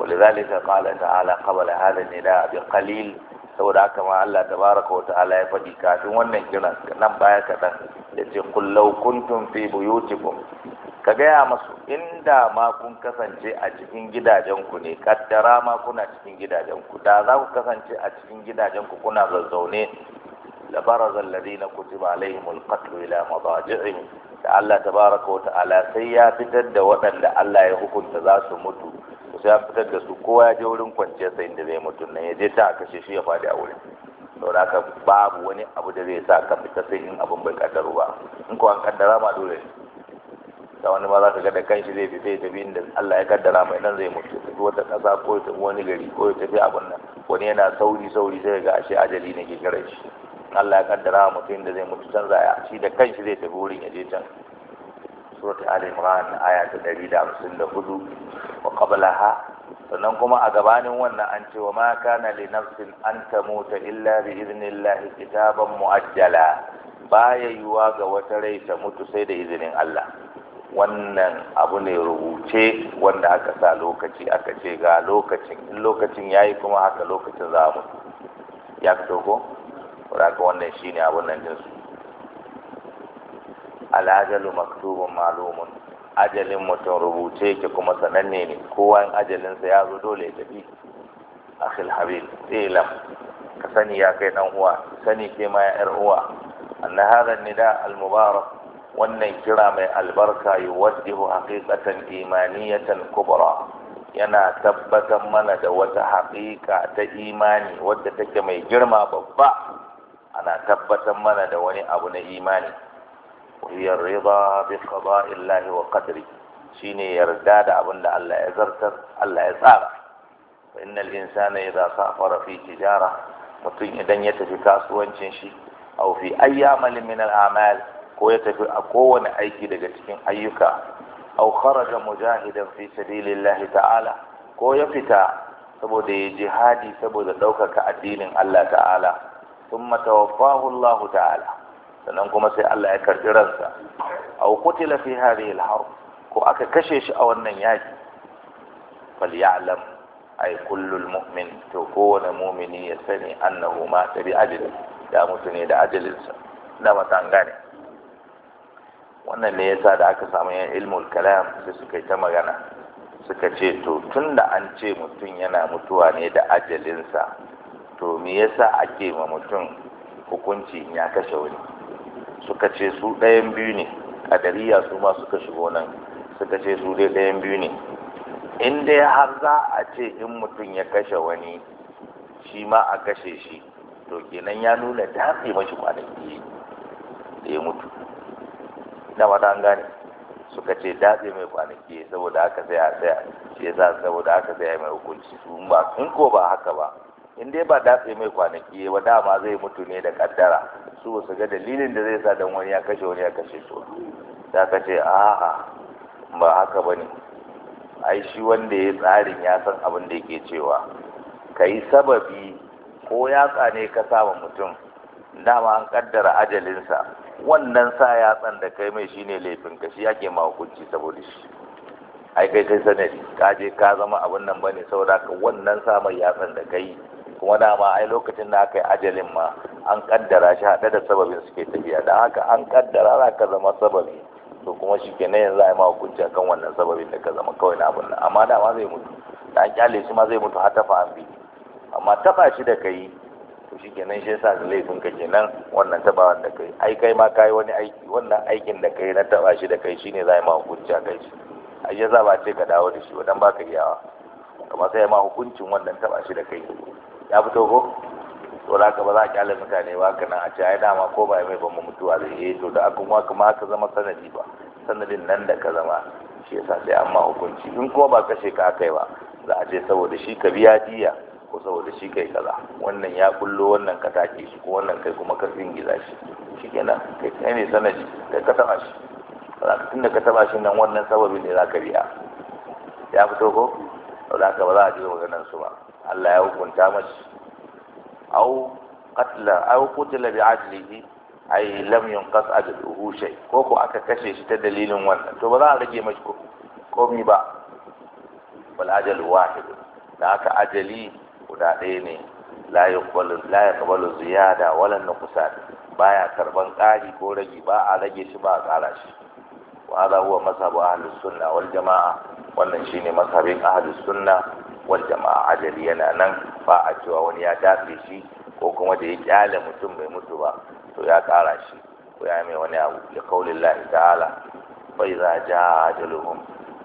ولذلك قال تعالى قبل هذا bi بقليل saboda haka ma Allah tabaraka wataala ya faɗi kafin wannan kiran nan baya kaɗan da ce kullau kuntum fi buyutikum ka gaya masu inda ma kun kasance a cikin gidajenku ne kaddara ma kuna cikin gidajenku da za ku kasance a cikin gidajenku kuna zazzaune la baraza alladhina kutiba alaihimul qatl ila madaji'ihim da Allah tabaraka wataala sai ya fitar da waɗanda Allah ya hukunta za su mutu sai ya fitar da su kowa ya je wurin kwanciyar sa inda zai mutum nan ya je ta kashe shi ya faɗi a wurin saboda haka babu wani abu da zai sa ka fita sai in abin bai kaddaro ba in ko an kaddara ma dole ne da wani ma za ka ga da kanshi zai fita ya tafi inda Allah ya kaddara mai nan zai mutu tafi wata ƙasa ko ya tafi wani gari ko ya tafi abin nan wani yana sauri sauri sai ga ashe ajali ne ke kare shi Allah ya kaddara mutum inda zai mutu can zaya shi da kanshi zai tafi wurin ya je can surati Ali Imran aya ta hudu wa qablaha sannan kuma a gabanin wannan an ce wa ma kana li nafsin an tamuta illa bi idnillahi kitaban muajjala baya yiwuwa ga wata rai ta mutu sai da izinin Allah wannan abu ne rubuce wanda aka sa lokaci aka ce ga lokacin in lokacin yi kuma haka lokacin za mutu ya fito ko? Wadaka wannan shine abun nan jinsu al'ajalu maktubun malumun ajalin mutum rubuce ke kuma sananne ne kowa in ajalinsa ya zo dole ya tafi akhil habil ilam ka sani ya kai dan uwa sani ke ma yar uwa anna hadha nida al mubarak wannan kira mai albarka yuwaddihu haqiqatan imaniyatan kubra yana tabbatar mana da wata haƙiƙa ta imani wadda take mai girma babba ana tabbatar mana da wani abu na imani وهي الرضا بقضاء الله وقدره شيني يرداد أبن الله يزرتر الله يسار فإن الإنسان إذا سافر في تجارة mutum idan ya tafi kasuwancin shi au fi ayyi min al-amal ko ya tafi a kowane aiki daga cikin ayyuka au kharaja mujahidan fi sabilillah ta'ala ko ya fita saboda ya jihadi saboda ɗaukaka addinin Allah ta'ala thumma tawaffahu Allah ta'ala sannan kuma sai Allah ya karbi ransa aw qutila fi hadhihi al-harb ko aka kashe shi a wannan yaki falyalam ay kullul mu'min to kowane mu'mini ya sani annahu ma tabi ajali ya mutu ne da ajalinsa da mata an gane wannan ne yasa da aka samu yan ilmul kalam da suka yi ta magana suka ce to tunda an ce mutum yana mutuwa ne da ajalinsa to me yasa ake ma mutum hukunci ya kashe wani suka ce su ɗayan biyu ne kadariya su ma suka shigo nan suka ce su dai ɗayan biyu ne in dai har za a ce in mutum ya kashe wani shi ma a kashe shi to kenan ya nuna haɗe mashi kwanaki da ya mutu na mata an gane suka ce daɗe mai kwanaki saboda haka sai a tsaya shi yasa saboda haka sai a mai hukunci su ba in ko ba haka ba in dai ba datse mai kwanaki ba dama zai mutu ne da kaddara su su ga dalilin da zai sa dan wani ya kashe wani ya kashe su da ka ce a'a ba haka bane ai shi wanda ya tsarin ya san abin da yake cewa kai sababi ko yatsa ne ka sama mutum dama an kaddara ajalinsa wannan sa yatsan da kai mai shine laifin ka shi ake ma hukunci saboda shi ai kai kai sanadi ka je ka zama abin nan bane saboda ka wannan sa mai yatsan da kai kuma dama ai lokacin da aka yi ajalin ma an kaddara shi haɗe da sababin suke tafiya da haka an kaddara za ka zama sababi to kuma shi ke yanzu a yi ma hukunci a kan wannan sababin da ka zama kawai na abin nan amma dama zai mutu da an kyale shi ma zai mutu har fa an bi amma taɓa shi da kai to shi kenan shi yasa da laifin ka kenan wannan taɓawan da kai ai kai ma kai wani aiki wannan aikin da kai na taɓa shi da kai shine yi ma hukunci a kai shi ai yasa ba ce ka dawo da shi wadan baka iyawa kamar sai ma hukuncin wannan taba shi da kai ya fito ko to da ba za a kyale mutane ba ka nan a ce ai dama ko ba mai ban mutuwa zai yi eh, to da aka kuma kuma ka zama sanadi ba sanadin nan da ka zama shi yasa sai amma hukunci in kuma ba kashe ka kai ba za a ce saboda shi ka biya diya ko saboda shi kai kaza wannan ya kullo wannan ka take shi ko wannan kai kuma ka tsingiza shi shikenan kai kai ne sanadi kai ka taba shi tunda ka taba shi nan wannan sababin ne za ka biya ya fito ko saboda aka ba za a je maganar su ba Allah ya hukunta mashi au qatla au kutila bi adlihi ai lam yunqas ajruhu shay ko ko aka kashe shi ta dalilin wannan to ba za a rage mashi komi ba wal ajal wahid da aka ajali guda ɗaya ne la yaqbalu la yaqbalu ziyada wala nuqsan baya karban ƙari ko rage ba a rage shi ba a ƙara shi wa hadha huwa mazhabu ahlus sunna wal jamaa wannan shine mazhabin ahlus sunna wal jama'a ajali yana nan ba a cewa wani ya dafe shi ko kuma da ya kyale mutum bai mutu ba to ya kara shi ko ya mai wani abu ya kaulin lahi ta'ala bai za ja ajaluhum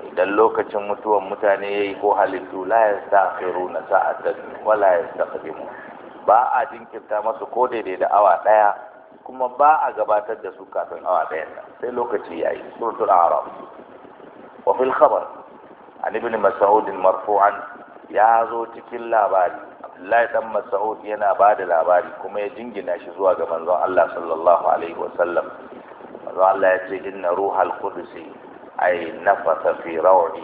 idan lokacin mutuwan mutane ya yi ko halittu la ya na sa'atan wala ya ba a jinkirta masu ko daidai da awa ɗaya kuma ba a gabatar da su kafin awa ɗaya sai lokaci ya yi suratul arab wa fil khabar an ibn marfu'an ya zo cikin labari Abdullahi dan Mas'ud yana ba da labari kuma ya jingina shi zuwa ga manzon Allah sallallahu alaihi wasallam manzon Allah ya ce inna ruhal qudsi ay nafasa fi raw'i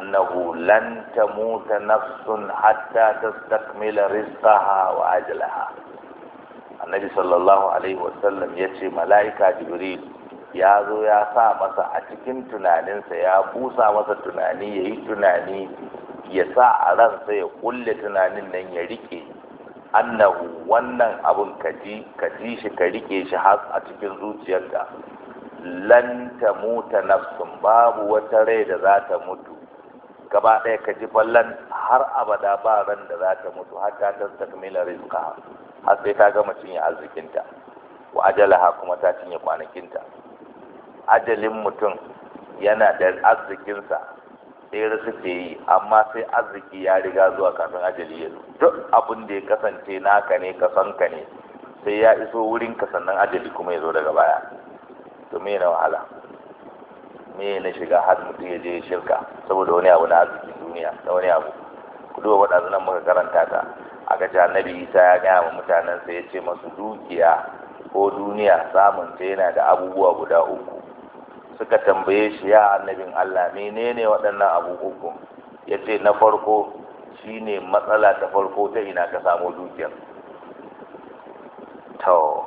annahu lan tamuta nafsun hatta tastakmila rizqaha wa ajlaha annabi sallallahu alaihi wasallam ya ce mala'ika jibril ya zo ya sa masa a cikin tunaninsa ya busa masa tunani ya yi tunani ya sa a ransa ya kulle tunanin nan ya rike annahu wannan abun kaji kaji shi ka rike shi har a cikin zuciyarka lan ta muta nafsun babu wata rai da za ta mutu gaba ɗaya ka ji ballan har abada ba ran da za ta mutu har ta ta takmila rizka har sai ta gama cinye arzikinta wa ajalaha kuma ta cinye kwanakinta ajalin mutum yana da arzikinsa tsere suke yi amma sai arziki ya riga zuwa kafin ajali ya zo duk abin da ya kasance naka ne ka san ka ne sai ya iso wurin ka sannan ajali kuma ya zo daga baya to me na wahala me na shiga har mutum ya je shirka saboda wani abu na arzikin duniya da wani abu ku duba waɗansu nan muka karanta ta a na annabi isa ya gaya wa sai ya ce masu dukiya ko duniya samun ta yana da abubuwa guda uku suka tambaye shi ya annabin Allah menene waɗannan abubuwa ya ce na farko shine matsala ta farko ta ina ka samo dukiyar to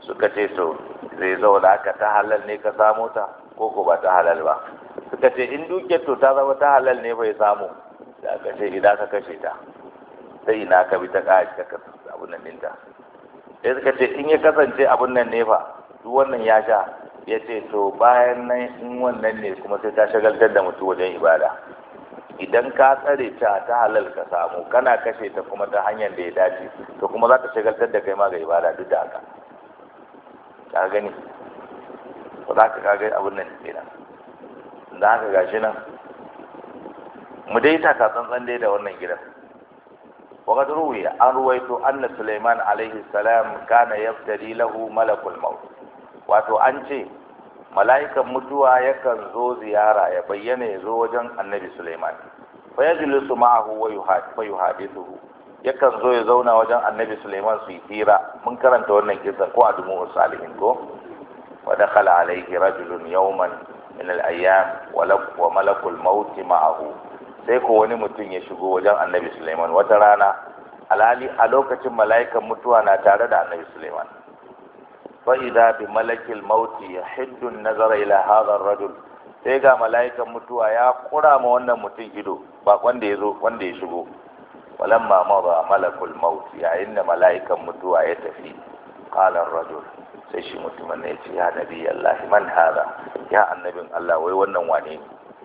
suka ce to zai zauna ka ta halal ne ka samo ta ko ko ba ta halal ba suka ce in dukiyar to ta zama ta halal ne bai samu da aka ce idan ka kashe ta sai ina ka bi ta ƙashi ka abun nan ɗinta sai suka ce in ya kasance abun nan ne fa duk wannan ya sha ya ce to bayan nan in wannan ne kuma sai ta shagaltar da mutu wajen ibada idan ka tsare ta ta halal ka samu kana kashe ta kuma ta hanyar da ya dace to kuma za ta shagaltar da kai ma ga ibada duk da haka ka gani ba za ka kaga abin nan ne da ka gashi nan mu dai ta tsantsan dai da wannan gidan وقد روي عن رويت أن سليمان عليه السلام كان يبتلي له ملك الموت wato an ce mala'ikan mutuwa yakan zo ziyara ya bayyana ya zo wajen annabi Suleiman, fa su ma'ahu wa su yakan zo ya zauna wajen annabi Suleiman su yi hira mun karanta wannan kisan ko a dumu salihin ko wa kala alayhi rajulun yawman min wa malakul mauti ma'ahu sai ko wani mutum ya shigo wajen annabi Suleiman wata rana alhali a lokacin mala'ikan mutuwa na tare da annabi Suleiman. malakil بملك ya يحد nazara إلى هذا radul sai ga mala'ikan mutuwa ya kura ma wannan mutum ido ba wanda ya zo wanda ya shigo walamma mada malakul Mauti, yayin da mala'ikan mutuwa ya tafi qala rajul sai shi mutumin ne ce ya nabi Allah man hada ya annabin Allah wai wannan wane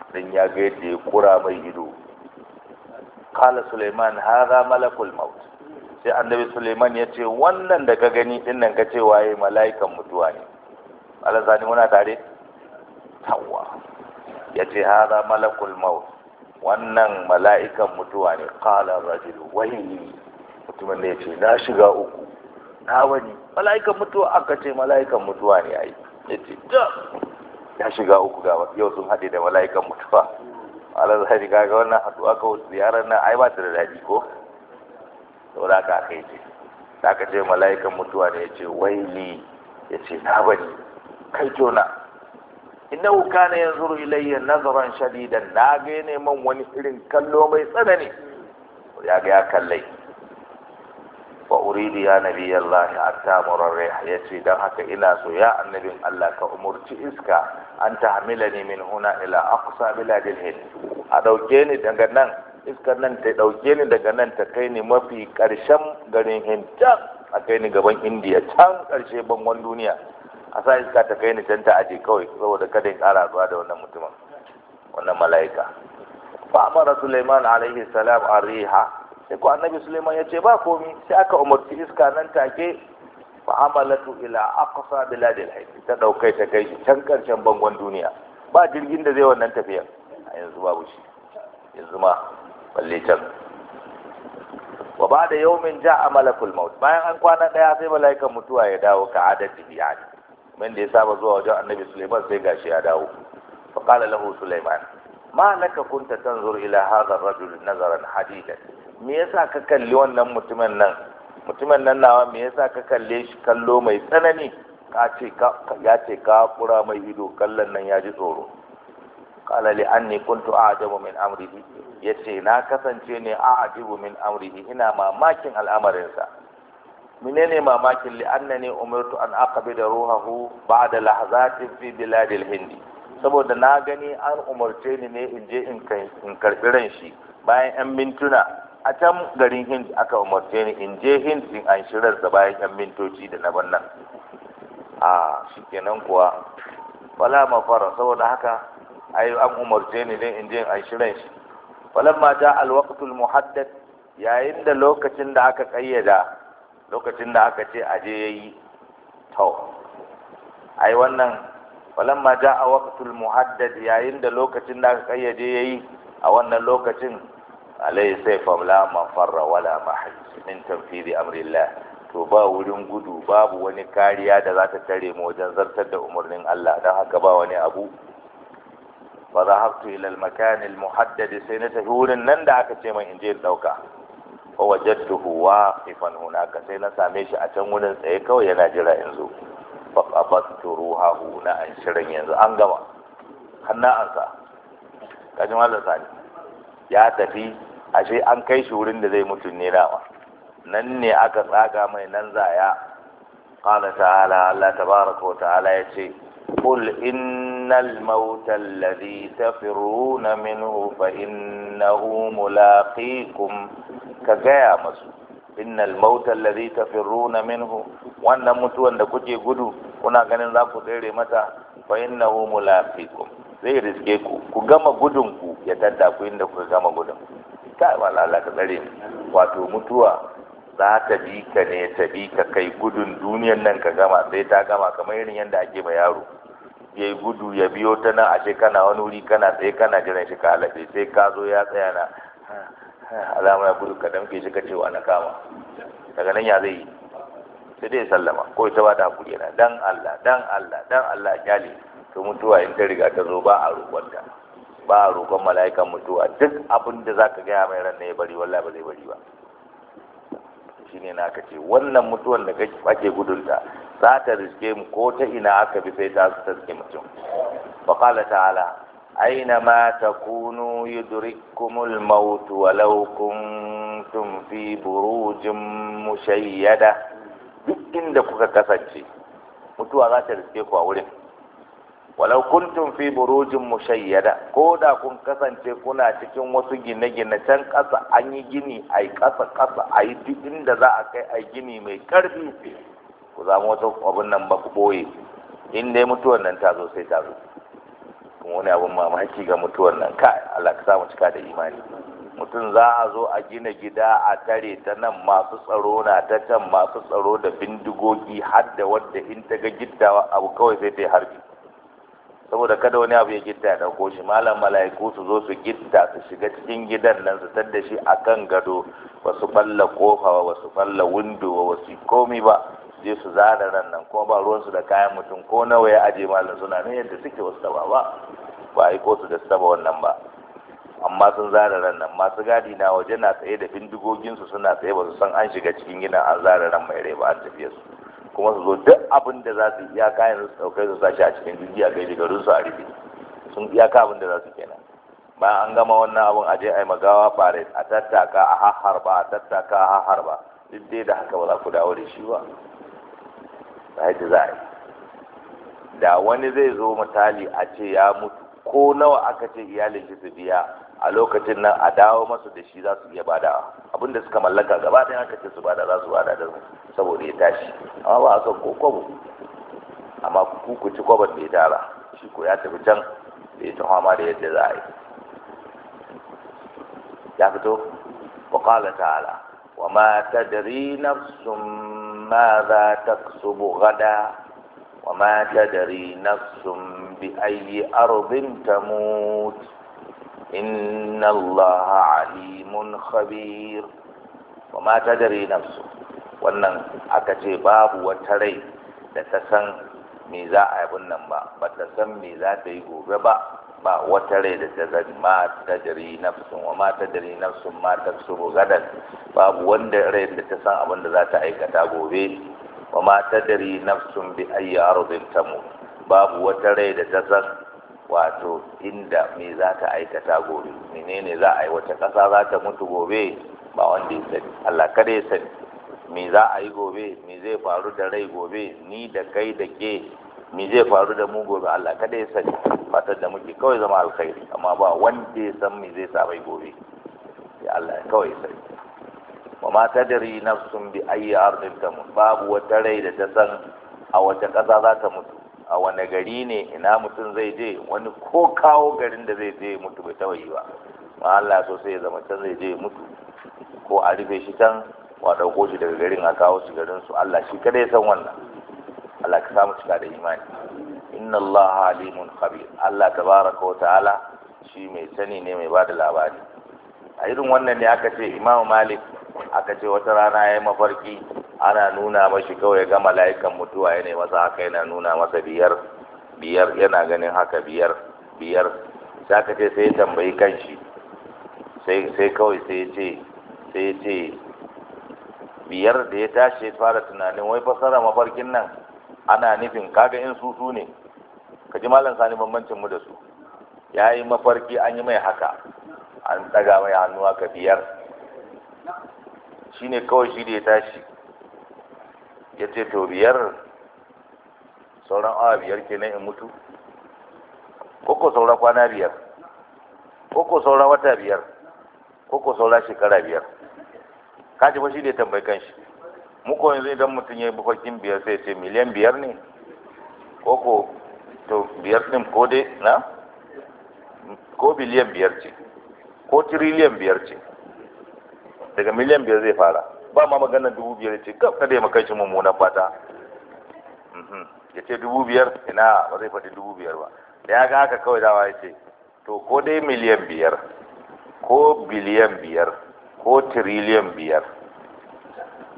dan ya ga yadda ya kura mai ido Kala Suleiman hada malakul Mauti. sai annabi suleiman ya ce wannan da ka gani din nan ka ce waye mala'ikan mutuwa ne alazani muna tare tawwa ya ce hada malakul maut wannan mala'ikan mutuwa ne qala rajul wayli mutumin ne ya ce na shiga uku na wani mala'ikan mutuwa aka ce mala'ikan mutuwa ne ai ya ce ya shiga uku ga yau sun haɗe da mala'ikan mutuwa alazani ga wannan haɗu aka ziyarar nan ai ba ta da daɗi ko saboda haka aka yi ce da aka ce mala'ikan mutuwa ne ya ce waili ya ce na bani kai tona innahu kana zuru ilayya nazaran shadidan na ga neman wani irin kallo mai tsanani ya ga ya kallai fa uridu ya nabi Allah hatta ya ce dan haka ina so ya annabin Allah ka umurci iska an ne min huna ila aqsa biladil hind a dauke ni daga nan iskar nan ta ɗauke ni daga nan ta kai ni mafi ƙarshen garin hinjan a kai ni gaban indiya can ƙarshe bangon duniya a sa iska ta kai ni can ta aje kawai saboda kada in ƙara zuwa da wannan mutumin wannan mala'ika fa amara suleiman alaihi salam ariha sai ko annabi suleiman ya ce ba komi sai aka umarci iska nan take fa amalatu ila aqsa biladil hayy ta daukai ta kai can ƙarshen bangon duniya ba jirgin da zai wannan tafiyar a yanzu babu shi yanzu ma ballitar wa ba da yaumin ja a malakul maut bayan an kwana ɗaya sai mala'ikan mutuwa ya dawo ka adadi biya ne min da ya saba zuwa wajen annabi suleiman sai gashi ya dawo fa qala lahu suleiman ma laka kunta tanzur ila hadha ar-rajul nazaran hadidan me yasa ka kalli wannan mutumin nan mutumin nan nawa me yasa ka kalle shi kallo mai tsanani ka ce ka ya ce ka kura mai ido kallon nan ya ji tsoro kala li anni kuntu a'jabu min Ya ce na kasance ne a'jabu min amrihi ina mamakin al'amarinsa ne mamakin li annani umirtu an aqbida ruhahu ba'da lahzatin fi biladil hindi saboda na gani an umarce ni ne in je in karbi ran shi bayan yan mintuna a can garin Hindi aka umarce ni in je Hindi in an da bayan yan mintoci da na nan a ah, kenan kuwa wala mafara saboda haka ai an umarce ni ne in je in anshi ran shi falamma ja alwaqtul muhaddad yayin da lokacin da aka kayyada lokacin da aka ce a aje yayi to ai wannan falamma ja a waqtul muhaddad yayin da lokacin da aka kayyade yayi a wannan lokacin alai sai famla man farra wala mahal min tanfidi amrillah to ba wurin gudu babu wani kariya da za ta tare mu wajen zartar da umarnin Allah don haka ba wani abu fa zahabtu ila al-makan al-muhaddad sai na tafi wurin nan da aka ce min in je in dauka fa wajadtuhu waqifan hunaka sai na same shi a can wurin tsaye kawai yana jira in zo fa qabattu an shirin yanzu an gama hanna an sa kaji mallan sani ya tafi ashe an kai shi wurin da zai mutun ne nan ne aka tsaka mai nan zaya qala ta'ala Allah tabaraka wa ta'ala yace qul in إن الموت الذي تفرون منه فإنه ملاقيكم كجايا مسو إن الموت الذي تفرون منه وأن متوا أن كتي قدو كنا كان نلاقو تيري متى فإنه ملاقيكم zai riske ku ku gama gudun ku ya tadda ku inda ku gama gudun ta wala Allah ka tsare wato mutuwa za ta bi ka ne ta bi ka kai gudun duniyar nan ka gama sai ta gama kamar irin yadda ake ma yaro ya yi gudu ya biyo ta nan ashe kana wani wuri kana tsaye kana jiran shi ka halabe sai ka zo ya tsaya na alama ya gudu ka damke shi ka ce wa na kama daga nan ya zai yi sai dai sallama ko ita ba ta hakuri yana dan Allah dan Allah dan Allah kyale to mutuwa in ta riga ta zo ba a roƙon ta ba a roƙon mala'ikan mutuwa duk abin da zaka gaya mai ran ne ya bari wallahi ba zai bari ba shine na ka ce wannan mutuwan da kake gudunta za ta riske mu ko ta ina aka bi sai ta ta riske mutum wa qala ta'ala aina ma takunu yudrikumul maut walau kuntum fi burujin mushayyada duk inda kuka kasance mutuwa za ta riske ku a wurin walau kuntum fi burujin mushayyada ko da kun kasance kuna cikin wasu gine-gine can ƙasa an yi gini a yi ƙasa ƙasa a yi duk inda za a kai a gini mai karfi ku zama wata abin nan ba ku ɓoye in dai mutuwar nan ta zo sai ta zo kuma wani abin mamaki ga mutuwar nan ka Allah ka samu cika da imani mutum za a zo a gina gida a tare ta nan masu tsaro na ta can masu tsaro da bindigogi har da wadda in ta ga gittawa abu kawai sai ta harbi saboda kada wani abu ya gitta ya dauko shi malam mala'iku su zo su gitta su shiga cikin gidan nan su tadda shi akan gado ba su balla kofa ba su balla windo ba komi ba je su zara ran nan kuma ba ruwansu da kayan mutum ko nawa ya aje malin suna nan yadda suke wasu taba ba ba aiko su da saba wannan ba amma sun zada ran nan masu gadi na waje na tsaye da bindigoginsu suna tsaye ba su san an shiga cikin gina an zada ran mai rai ba an tafiya su kuma su zo duk abin da za su iya kayan su ɗaukai su sashi a cikin jirgi a kai shigarun su a rufe sun iyaka abin da za su kenan bayan an gama wannan abin aje a yi magawa bare a tattaka a harba a tattaka a harba duk dai da haka ba za ku dawo da shi ba a yadda za a yi da wani zai zo misali a ce ya mutu ko nawa aka ce iyalin shi su biya a lokacin nan a dawo masu da shi za su iya bada abin da suka mallaka gaba ɗaya aka ce su bada za su bada da saboda ya tashi amma ba a son ko kwabo amma ku ku ci kwabon da ya tara shi ko ya tafi can da ya tafi da yadda za a yi ya fito wa qala ta'ala wa ma tadri nafsun ماذا تكسب غدا وما تدري نفس بأي أرض تموت إن الله عليم خبير وما تدري نفس wannan aka ce babu wata rai da ta san me za a yi nan ba ba ta san me za ta yi gobe ba ba wata rai da ta zani ma ta jari nafsun wa ma ta jari nafsun ma ta gadan babu wanda rai da ta san abin da za ta aikata gobe wa ma ta jari nafsun bi ayi arzin tamu babu wata rai da ta san wato inda me za ta aikata gobe menene za a yi wata ƙasa za ta mutu gobe ba wanda ya sani Allah kada ya sani me za a yi gobe me zai faru da rai gobe ni da kai da ke me zai faru da mu gobe Allah kada ya sani fatar da muke kawai zama alkhairi amma ba wanda ya san me zai samai gobe ya Allah kawai ya sani wa ma tadri nafsun bi ayi ardin babu wata rai da ta san a wata ƙasa za ta mutu a wani gari ne ina mutum zai je wani ko kawo garin da zai je mutu bai taba yi ba ma Allah so sai ya zama can zai je mutu ko a rufe shi can wa ɗauko shi daga garin a kawo shi garin su Allah shi kada ya san wannan Allah ka samu cika da imani inna Allah halimun khabir Allah tabaraka wa ta'ala shi mai sani ne mai bada labari a irin wannan ne aka ce Imam Malik aka ce wata rana yayi mafarki ana nuna mashi kawai ya ga mala'ikan mutuwa yana masa haka yana nuna masa biyar biyar yana ganin haka biyar biyar sai aka ce sai ya tambayi kanshi sai sai kawai sai ya ce sai ya ce biyar da ya tashi fara tunanin wai fasara mafarkin nan ana nufin kaga in su su ne ka ji malam sani bambancin mu da su ya yi mafarki an yi mai haka an daga mai hannuwa ka biyar shi ne kawai shi da ya tashi ya ce to biyar sauran awa biyar ke nan in mutu koko saura kwana biyar koko saura wata biyar koko saura shekara biyar kaji ba shi da ya tambayi kanshi muku yanzu idan mutum ya yi bakwakin biyar sai ce miliyan biyar ne ko ko to biyar ɗin ko dai na ko biliyan biyar ce ko tiriliyan biyar ce daga miliyan biyar zai fara ba ma magana dubu biyar ce kaf kada ya makai shi mummunan fata mhm. ya ce dubu biyar ina ba zai faɗi dubu biyar ba da ya ga haka kawai dawa ya ce to ko dai miliyan biyar ko biliyan biyar ko tiriliyan biyar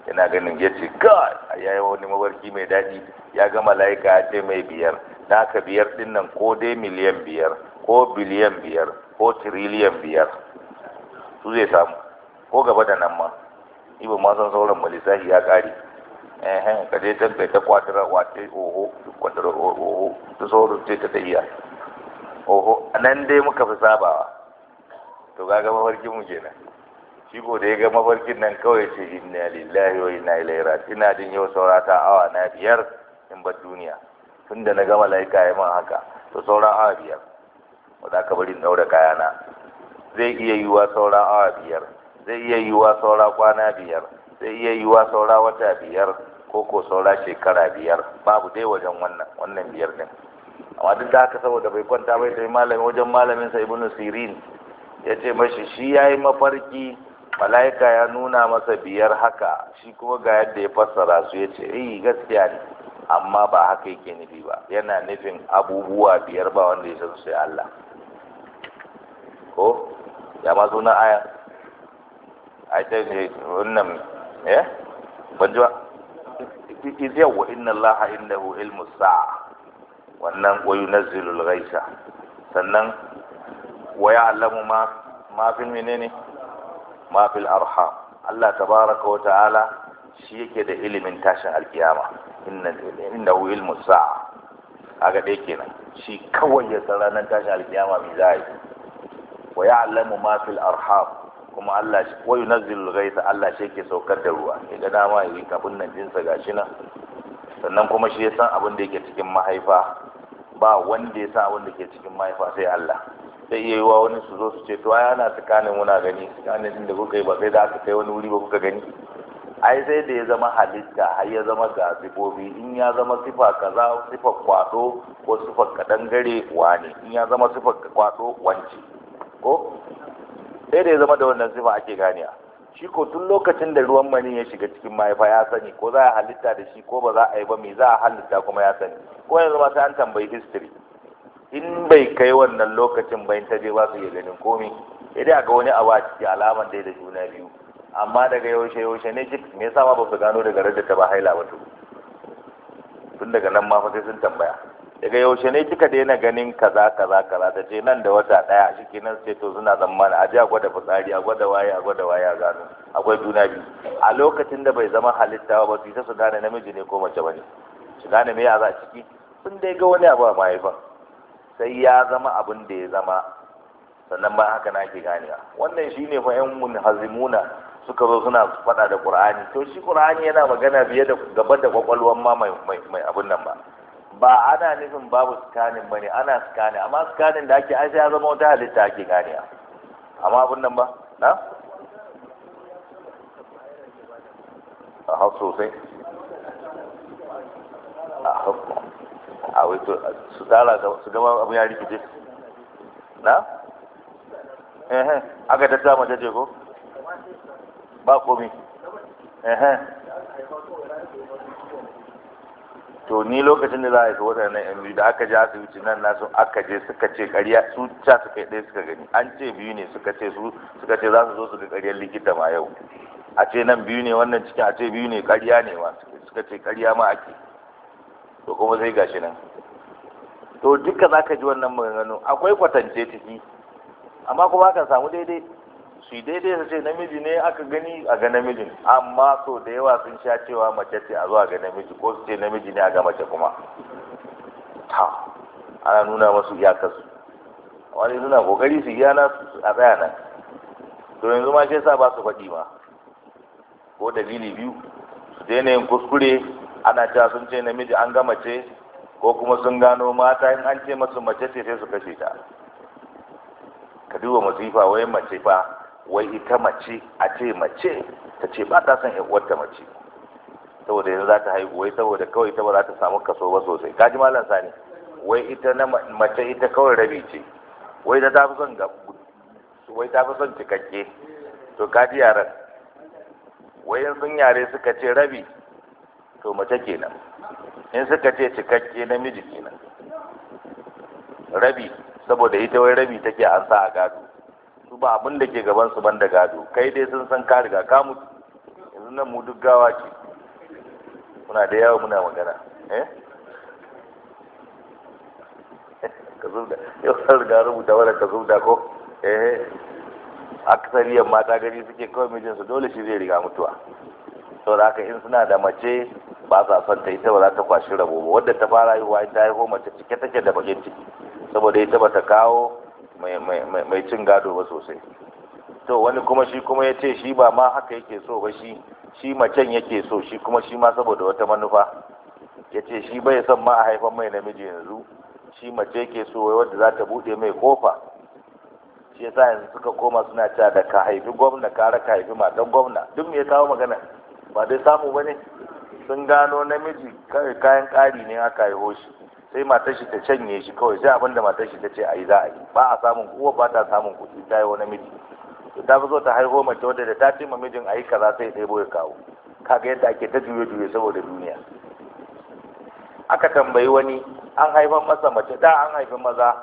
yana ganin ya ce god a yayi wani mawarki mai daɗi ya ga mala'ika ya ce mai biyar na ka biyar ɗin nan ko dai miliyan biyar ko biliyan biyar ko tiriliyan biyar su zai samu ko gaba da nan ma ni ba ma san sauran malisahi ya ƙare eh ka je ta kai ta kwatara wate oho kwatara oho ta sauran ce ta iya oho nan dai muka fi sabawa to ga gaba mu kenan shi ko da ya ga mafarkin nan kawai ce inna lillahi wa inna ilaihi raji'un ina jin yau Saura ta awa na biyar in bar duniya tunda na ga malaika ya man haka to Saura awa biyar ba za ka bari in daura kayana zai iya yiwuwa Saura awa biyar zai iya yiwuwa saura kwana biyar zai iya yiwuwa saura wata biyar ko ko saura shekara biyar babu dai wajen wannan wannan biyar din amma duk da haka saboda bai kwanta bai sai malami wajen malamin sa ibnu sirin ya ce mashi shi ya yi mafarki mala'ika ya nuna masa biyar haka shi kuma ga yadda ya fassara su ya ce eh gaskiya ne amma ba haka yake nufi ba yana nufin abubuwa biyar ba wanda ya san sai Allah ko ya ma na aya a ce ne wannan eh ban ji ba iz yawwa inna Allah innahu ilmu sa'a wannan wa na al-ghaisa sannan wa ya'lamu ma ma fil menene ma fil arham Allah tabaraka wa ta'ala shi yake da ilimin tashin alkiyama innahu ilmu sa'a aga dai kenan shi kawai ya san ranar tashin alkiyama me za yi wa ya'lamu ma fil arham kuma Allah shi wa yunazzilu ghaitha Allah shi yake saukar da ruwa ya ga dama yi kafin nan jinsa gashi nan sannan kuma shi ya san abin da yake cikin mahaifa ba wanda ya san abin da ke cikin mahaifa sai Allah zai iya yiwa wani su zo su ce to ai ana tsakanin muna gani tsakanin inda da kuka yi ba sai da aka kai wani wuri ba kuka gani ai sai da ya zama halitta har ya zama ga sifofi in ya zama sifa kaza sifa kwato ko sifa kadan gare wani in ya zama sifa kwato wance ko sai da ya zama da wannan sifa ake ganiya shi ko tun lokacin da ruwan mani ya shiga cikin mahaifa ya sani ko za a halitta da shi ko ba za a yi ba me za a halitta kuma ya sani ko yanzu ma sai an tambayi history in bai kai wannan lokacin bai ta je ba su iya ganin komi idan ga wani abu a ciki alaman dai da juna biyu amma daga yaushe yaushe ne jik me yasa ma ba su gano daga radda ta ba haila to tun daga nan ma fa sai sun tambaya daga yaushe ne kika daina ganin kaza kaza kaza ta ce nan da wata daya nan sai to suna zamana a ji a gwada fitsari a gwada waye a gwada waye a gano akwai juna biyu a lokacin da bai zama halitta ba su yi ta su gane namiji ne ko mace ba ne su gane me ya za ciki sun dai ga wani abu a mahaifan sai ya zama abin da ya zama sannan ba haka na ke ganewa wannan shine fa’in mun hazimuna suka zo suna fada da ƙur'ani to shi ƙura'ani yana magana fiye da gaba da kwakwalwan ma mai abin nan ba ba ana nufin babu ba ne ana skanin amma skanin da ake aisha ya zama wata halitta ake ganewa amma abin nan ba na a hau sosai a hau a wai su tsara su gama abu ya rikice na ehe aka tattara mace ce ko ba komi ehe to ni lokacin da za a yi waɗannan yan biyu da aka je asibiti nan nasu aka je suka ce ƙarya su ca suka yi ɗaya suka gani an ce biyu ne suka ce su suka ce za su zo su ga ƙaryar likita ma yau a ce nan biyu ne wannan cikin a ce biyu ne ƙarya ne ma suka ce ƙarya ma ake to kuma zai gashi nan to duka za ka ji wannan maganganu akwai kwatance ciki amma kuma aka samu daidai su daidai su ce namiji ne aka gani a ga namijin amma so da yawa sun sha cewa mace ce a zuwa ga namiji ko su ce namiji ne a ga mace kuma ta ana nuna masu su wani suna kokari su gyana a tsaya nan to yanzu ma shi sa ba su faɗi ma ko dalili biyu su daina yin kuskure ana cewa sun ce namiji an ga mace ko kuma sun gano mata in an ce masu mace ce sai su kashe ta ka duba masifa wai mace fa wai ita mace a ce mace ta ce ba ta son wata mace saboda yanzu za ta haihu wai saboda kawai ita ba za ta samu kaso ba sosai ka ji malam sani wai ita na mace ita kawai rabi ce wai ta fi son wai ta fi son cikakke to ka ji yaran wai sun yare suka ce rabi to mace kenan in suka ce cikakke namiji kenan rabi saboda ita wai rabi take an sa a gado su ba abin da ke gaban su ban da gado kai dai sun san ka riga ka mutu yanzu nan mu duk gawa ce muna da yawa muna magana eh ka zubda yau san riga rubuta wala ka zubda ko eh aksariyan mata gari suke kawai mijinsu dole shi zai riga mutuwa saboda haka in suna da mace ba sa son ta ita ba za ta kwashi rabo ba wadda ta fara haihuwa ita haihu mace cike take da bakin ciki saboda ita ba ta kawo mai cin gado ba sosai to wani kuma shi kuma ya ce shi ba ma haka yake so ba shi shi macen yake so shi kuma shi ma saboda wata manufa ya ce shi bai son ma a haifan mai namiji yanzu shi mace yake so wai wadda za ta buɗe mai kofa shi yasa yanzu suka koma suna cewa da ka haifi gwamna ka raka haifi matan gwamna duk me ya kawo magana ba dai samu ba sun gano namiji kayan ƙari ne aka haiho shi sai matar shi ta canye shi kawai sai abinda matar shi ta ce a yi za a yi ba a samun kuwa ba ta samun kuɗi ta yi wa namiji ta fi so ta haihuwa mace wadda da ta ce mamijin a yi kaza sai ɗebo ya kawo kaga yadda ake ta juye-juye saboda duniya aka tambayi wani an haifan masa mace da an haifi maza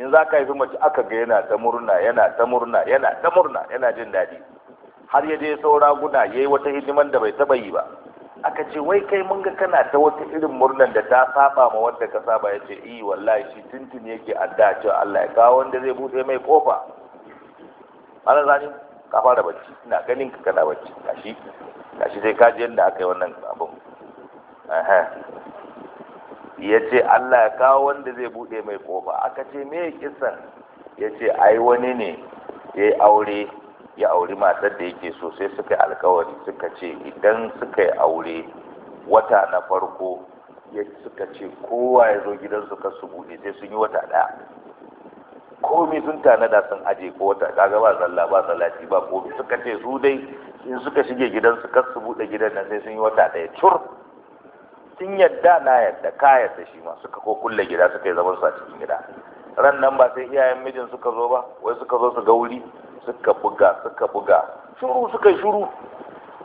in za ka haifi mace aka ga yana ta murna yana ta murna yana ta murna yana jin daɗi har ya je saura guna yayi wata hidiman da bai taba yi ba aka ce wai kai mun ga kana ta wata irin murnan da ta saba ma wanda ka saba ya ce iya wallahi shi tuntun yake adda cewa Allah ya kawo wanda zai bude mai kofa ana zani ka fara bacci ina ganin ka kana bacci gashi gashi sai ka ji yadda aka yi wannan abin ya ce Allah ya kawo wanda zai bude mai kofa aka ce me kisan ya ce ai wani ne ya yi aure ya auri matar da yake so sai suka yi alkawari suka ce idan suka yi aure wata na farko ya suka ce kowa ya zo gidansu kar su buɗe sai sun yi wata ɗaya komi sun tanada sun aje ko wata kaga ba zalla ba salati ba komi suka ce su dai in suka shige gidan su kar su buɗe gidan nan sai sun yi wata ɗaya cur sun yadda na yadda ka yadda shi ma suka ko kulle gida suka yi zaman su a cikin gida ran nan ba sai iyayen mijin suka zo ba wai suka zo su ga wuri suka buga suka buga shuru suka shuru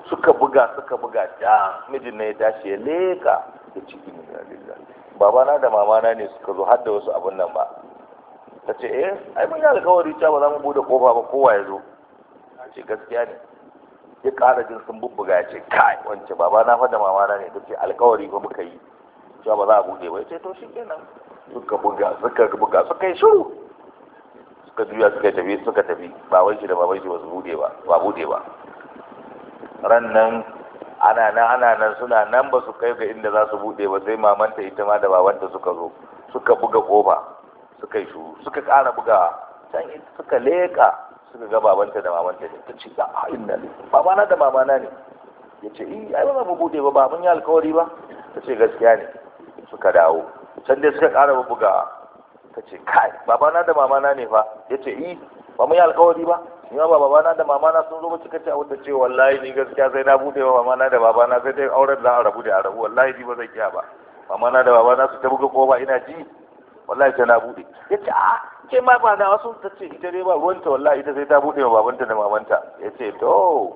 suka buga suka buga da mijin ne ya tashi ya leka da ciki ne da babana da mamana ne suka zo har da wasu abun nan ba ta ce eh ai mun yi alkawari ta ba za mu bude kofa ba kowa ya zo ce gaskiya ne ya ƙara jin sun bubbuga ya ce kai wance babana fa da mamana ne ta ce alkawari ba muka yi cewa ba za a bude ba ya ce to shi kenan suka buga suka buga suka yi shiru suka juya suka tafi suka tafi wai shi da baban shi ba su bude ba ba bude ba ran nan ana nan ana nan suna nan ba su kai ga inda za su bude ba sai mamanta ita ma da babanta suka zo suka buga kofa suka yi shiru suka ƙara bugawa can suka leka suka ga babanta da mamanta ne ta ce ah inna ne babana da babana ne ya ce eh ai ba mu bude ba ba mun yi alkawari ba ta ce gaskiya ne suka dawo can dai suka ƙara buga ta ce kai babana da mamana ne fa ya ce yi eh, ba mu yi alkawari ba ni ma babana da mamana sun zo ba suka ce a wata ce wallahi ni gaskiya sai na bude wa mamana da babana sai dai auren za a rabu da a rabu wallahi ni ba zai kiya ba mamana da babana su ta buga kowa ina ji wallahi sai na bude ya ce a ah, ke ma ba na wasu ta ce ita dai ba ruwanta wallahi ita sai ta bude wa babanta da mamanta ya ce to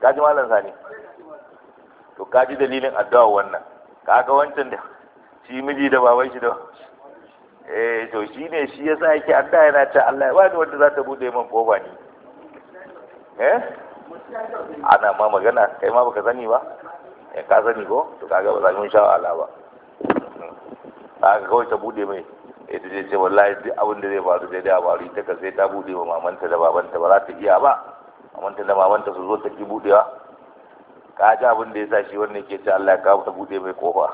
kaji malam sani to kaji dalilin addu'a wannan kaga wancan da shi miji da baban shi da eh to shi ne shi ya sa yake adda yana ta Allah ya bani wanda za ta bude min kofa ni eh ana ma magana kai ma baka sani ba eh ka sani ko to kaga ba za mu sha Allah ba kaga kawai ta bude mai eh ta ce wallahi duk abin da zai faru daidai a bari ta kace ta bude wa mamanta da babanta ba za ta iya ba mamanta da mamanta su zo ta ki budewa ka ji abin da ya sa shi wannan ke ce Allah ya kawo ta bude mai kofa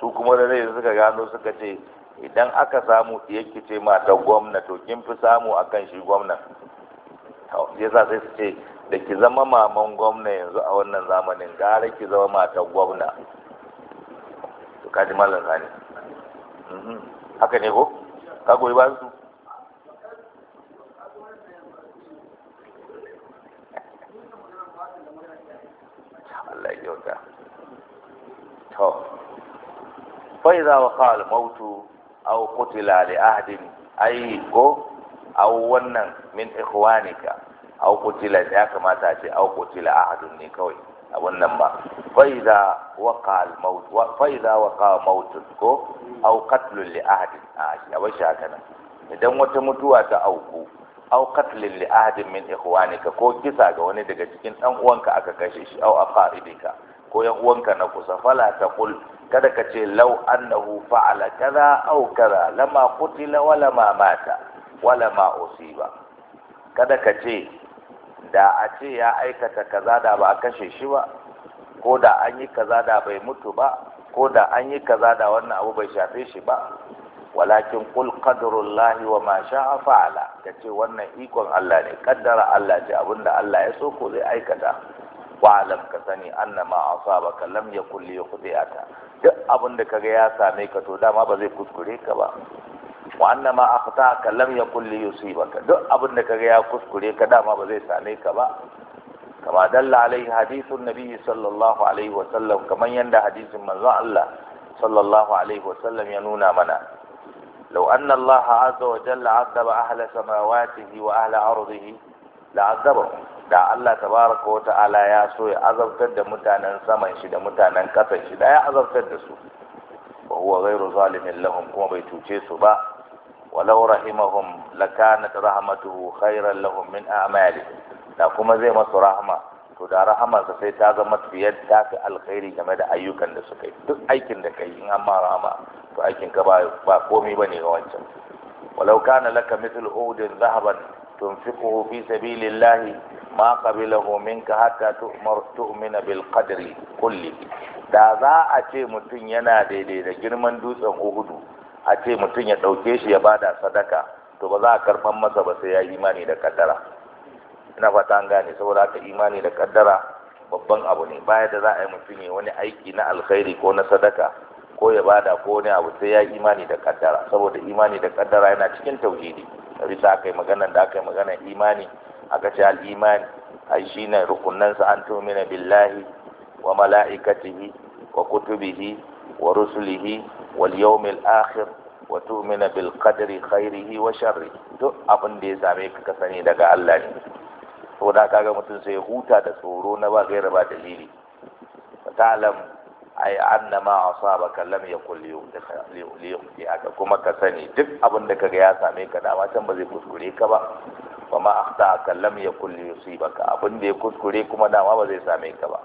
su kuma da zai suka gano suka ce idan aka samu yake ce mata gwamna to kin fi samu akan shi gwamna yasa sai su ce da ki zama maman gwamna yanzu a wannan zamanin gara ki zama matan gwamna to kaji malar zane mhm. haka ne ko ka goyi ba su Allah ya kyauta to فإذا وقع الموت أو قتل لأحد أي كو أو ون من إخوانك أو قتل ذاك ما تأتي أو قتل أحد نكوي أو النما فإذا وقع mautu ko وقع موت أو قتل لأحد آسيا idan wata mutuwa ta auku au katlin ahadin min ikhwanika ko kisa ga wani daga cikin ɗan uwanka aka kashe shi au aqaridika ko yan uwanka na kusa fala kul kada ka ce lau annahu fa'ala kaza aw kaza lama qutila wala ma mata wala ma usiba kada ka ce da a ce ya aikata kaza da ba a kashe shi ba ko da an yi kaza da bai mutu ba ko da an yi kaza da wannan abu bai shafe shi ba walakin kul kadarullahi wa ma sha'a fa'ala kace wannan ikon Allah ne kaddara Allah ce abinda Allah ya so ko zai aikata wa'alam ka sani annama asabaka lam yakul li yukhdi'aka duk abin da kaga ya same ka to dama ba zai kuskure ka ba wa annama akhtaka lam yakul li yusibaka duk abin da kaga ya kuskure ka dama ba zai same ka ba kama dalla alaihi hadithun nabiyyi sallallahu alaihi wa sallam kaman yanda hadisin manzon Allah sallallahu alaihi wa sallam ya nuna mana لو أن الله عز وجل عذب أهل سماواته وأهل أرضه la'azaba da Allah tabaraka wa ta'ala ya so ya azabtar da mutanen saman shi da mutanen kasan shi da ya azabtar da su wa huwa ghairu zalimin lahum kuma bai cuce su ba walau rahimahum lakanat rahmatuhu khairan lahum min a'mali da kuma zai masu rahama to da rahamarsa sai ta zama fiye ta fi alkhairi game da ayyukan da suka yi duk aikin da kai in an ma rahama to aikin ka ba komai bane ga wancan walau kana laka mithlu udin zahaban تنفقه في سبيل الله ما قبله منك حتى تؤمر تؤمن بالقدر كله da za a ce mutum yana daidai da girman dutsen uhudu a ce mutum ya ɗauke shi ya bada sadaka to ba za a karɓan masa ba sai ya imani da kaddara ina fata an gane saboda haka imani da kaddara babban abu ne baya da za a yi mutum ya wani aiki na alkhairi ko na sadaka ko ya bada ko wani abu sai ya imani da kaddara saboda imani da kaddara yana cikin tauhidi bisa aka yi maganan da aka yi maganar imani aka ce al'imani ai shi ne rukunansa an tumina billahi wa mala'ikatihi wa kutubihi wa rusulihi wa yawmil akhir wa tumina bil qadri khairihi wa sharri duk abin da ya same ka ka sani daga Allah ne saboda kaga mutum sai huta da tsoro na ba gaira ba dalili ta'lam ai anna ma asabaka lam yakul liyukhtiaka kuma ka sani duk abin da kaga ya same ka dama can ba zai kuskure ka ba wa ma akhtaka lam yakul liyusibaka abin da ya kuskure kuma dama ba zai same ka ba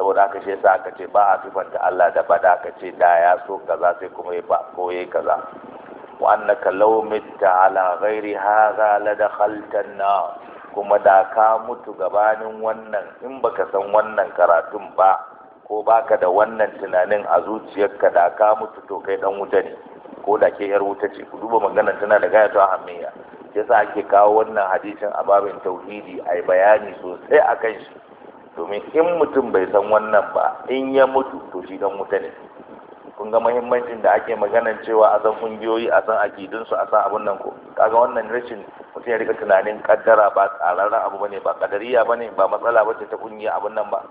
saboda aka shi yasa aka ce ba a sifanta Allah da bada aka ce da ya so kaza sai kuma ya ba ko yayi kaza wa annaka law mitta ala ghairi hadha la dakhalta kuma da ka mutu gabanin wannan in baka san wannan karatun ba ko baka da wannan tunanin a zuciyarka da ka mutu to kai dan wuta ne ko da ke yar wuta ce ku duba maganar tana da gaya ta hamiya yasa ake kawo wannan hadisin a babin tauhidi a bayani sosai a kan shi domin in mutum bai san wannan ba in ya mutu to shi dan wuta ne kun ga muhimmancin da ake maganar cewa a san kungiyoyi a san akidinsu a san abun nan ko kaga wannan rashin mutum ya rika tunanin kaddara ba tsararren abu bane ba kadariya bane ba matsala bace ta kungiya abun nan ba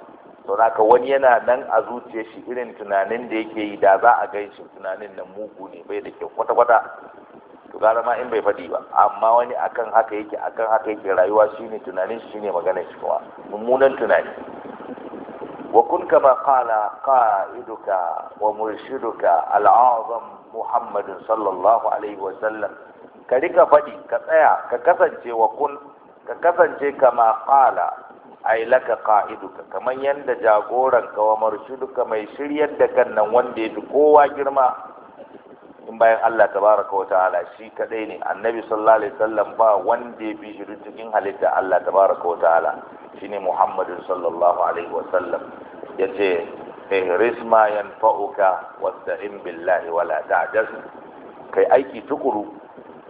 to naka wani yana nan a zuciya shi irin tunanin da yake yi da za a gan shi tunanin nan mugu ne bai da kyau kwata-kwata to gara ma in bai faɗi ba amma wani akan haka yake akan haka yake rayuwa shine tunanin shi ne maganar shi kuma mummunan tunani wa kun kama qala Ka'iduka wa murshiduka al'azam muhammadin sallallahu alaihi wa sallam ka rika faɗi ka tsaya ka kasance wa kun ka kasance kama kala ai laka qa'iduka kamar yanda jagoran ka wa marshuduka mai shiryar da kan nan wanda fi kowa girma in bayan Allah tabaraka wa ta'ala shi kadai ne annabi sallallahu alaihi wasallam ba wanda ya fi shi cikin halitta Allah tabaraka wa ta'ala shine Muhammadu sallallahu alaihi wasallam yace ihris ma yanfa'uka wasta'in billahi wala ta'jaz kai aiki tukuru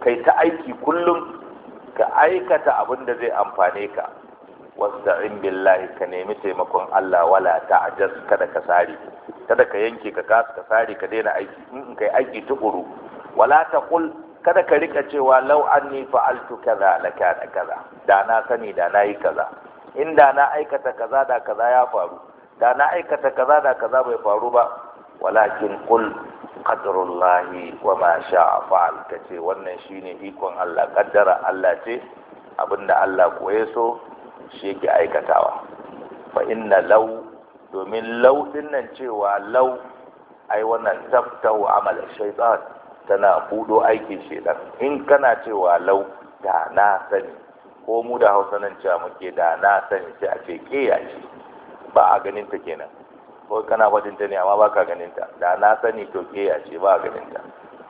kai ta aiki kullum ka aikata abin da zai amfane ka wasta'in billahi ka nemi taimakon Allah wala ajas kada ka sari, kada ka yanke ka kasu ka sari, ka daina aiki in kai aiki tukuru wala kul kada ka rika cewa law anni fa'altu kaza la kana kaza da na sani da na yi kaza in da na aikata kaza da kaza ya faru da na aikata kaza da kaza bai faru ba walakin qul qadrullahi wa ma sha'a fa'al kace wannan shine ikon Allah kaddara Allah ce abinda Allah koye so shi yake aikatawa fa inna lau domin lau nan cewa lau ai wannan taftahu amalan shaitan tana budo aikin shaitan in kana cewa lau da na sani ko mu da hausa nan cewa muke da na sani sai a ce ke ya ce ba a ganin ta kenan ko kana gwajin ta ne amma ba ka ganin ta da na sani to ke ya ce ba a ganin ta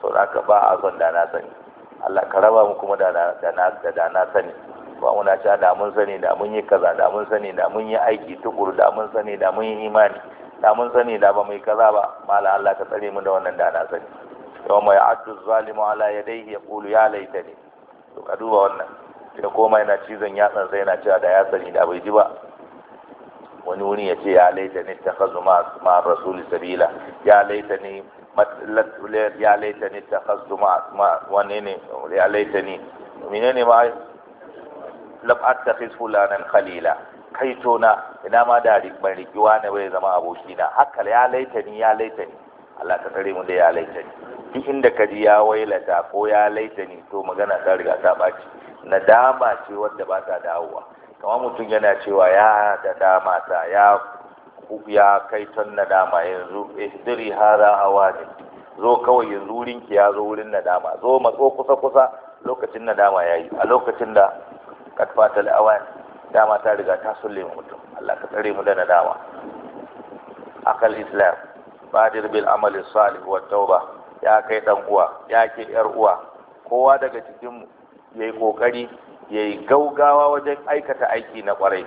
to haka ba a son da na sani Allah ka raba mu kuma da na sani ba muna cewa da mun sani da mun yi kaza da mun sani da mun yi aiki tukuru da mun sani da mun yi imani da mun sani da ba mu yi kaza ba mala Allah ka tsare mu da wannan da na sani yau mai addu zalimu ala yadayhi kulu ya laitani to ka duba wannan da koma yana cizon yatsan sai yana cewa da ya sani da bai ji ba wani wuni ya ce ya laitani takhazu ma ma rasuli sabila ya laitani ya laitani takhazu ma wani ne ya laitani menene ma lam attakhiz fulanan khalila kai tona ina ma da ban rikiwa ne bai zama abokina hakal ya ni ya ni Allah ka tare mu da ya ni duk inda ka ji ya wailata ko ya ni to magana ta riga ta baci nadama ce wadda ba ta dawowa kamar mutum yana cewa ya da dama ta ya ya kai ton nadama yanzu ihdiri hada hawani zo kawai yanzu wurinki ya zo wurin nadama zo matso kusa kusa lokacin nadama yayi a lokacin da kat fatal awan dama ta riga ta sulle mu mutum Allah ka tsare mu da nadama akal islam badir bil amali salih wa tauba ya kai dan uwa ya ke yar uwa kowa daga cikin mu yayi kokari yayi gaugawa wajen aikata aiki na kwarai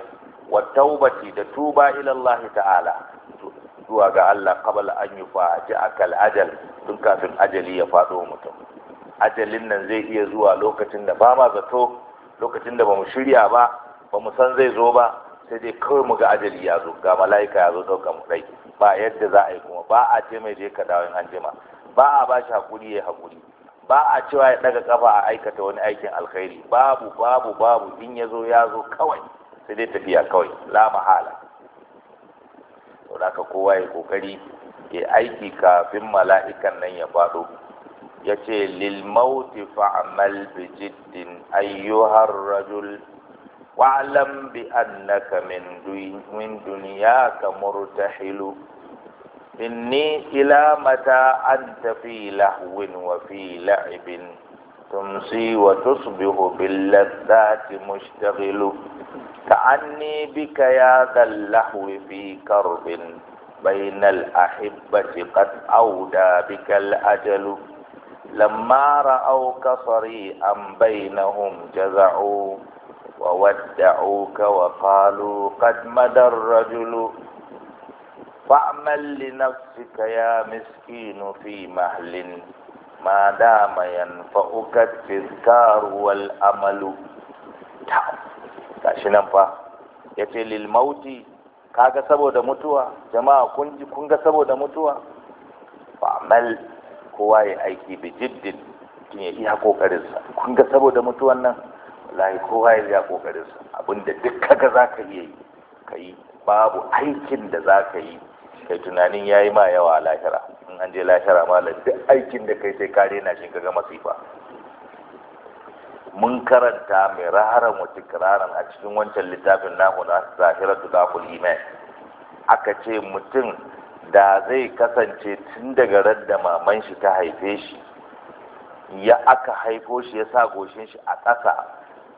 wa taubati da tuba ila Allah ta'ala zuwa ga Allah qabla an yufa ja'akal ajal tun kafin ajali ya faɗo mutum ajalin nan zai iya zuwa lokacin da ba ma zato lokacin da ba mu shirya ba ba mu san zai zo ba sai dai kawai mu ga ajali ya zo ga mala'ika ya zo ɗauka mu rai ba yadda za a yi kuma ba a ce mai je ka dawo an jima ba a ba shi hakuri ya hakuri ba a cewa ya daga kafa a aikata wani aikin alkhairi babu babu babu in ya zo ya zo kawai sai dai tafiya kawai la mahala to da kowa ya kokari ya aiki kafin mala'ikan nan ya faɗo يتي للموت فعمل بجد أيها الرجل واعلم بأنك من من دنياك مرتحل إني إلى متى أنت في لهو وفي لعب تمسي وتصبح باللذات مشتغل تعني بك يا ذا اللهو في كرب بين الأحبة قد أودى بك الأجل lamma ra'au ka sari'an bainahum jaza'u wa wadda'uka wa qalu qad madar rajulu fa'mal li nafsika ya miskinu fi mahlin ma dama yanfa'uka tizkaru wal amalu ta gashi nan fa yace lil mauti kaga saboda mutuwa jama'a kun ji kun ga saboda mutuwa fa'mal kowa ya aiki da jiddin mutum ya iya kokarinsa kun ga saboda mutuwan nan lai kowa ya iya kokarinsa abinda duk kaga za ka iya yi ka yi babu aikin da za ka yi kai tunanin ya yi ma yawa a lahira in an je lahira malam duk aikin da kai sai ka na shi kaga masifa mun karanta mai raharar wa tikraran a cikin wancan littafin namu na zahiratu daful iman aka ce mutum da zai kasance tun daga radda maman shi ta haife shi ya aka haifo shi ya sa goshin shi a ƙasa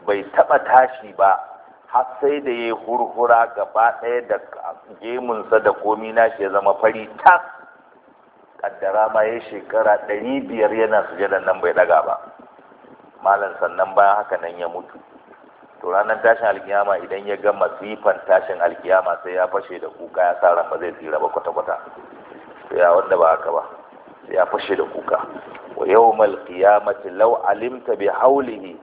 bai taɓa tashi ba har sai da ya hurhura gaba ɗaya da gemunsa da komi shi ya zama fari tak. Ƙaddara ma ya shekara ɗari biyar yana da nan bai ɗaga ba malam sannan bayan haka nan ya mutu to ranar tashin alkiyama idan ya ga masifan tashin alkiyama sai ya fashe da kuka ya sa ba zai tsira ba kwata-kwata ya wanda ba haka ba sai ya fashe da kuka wa yau yawmal qiyamati lau alimta bi haulihi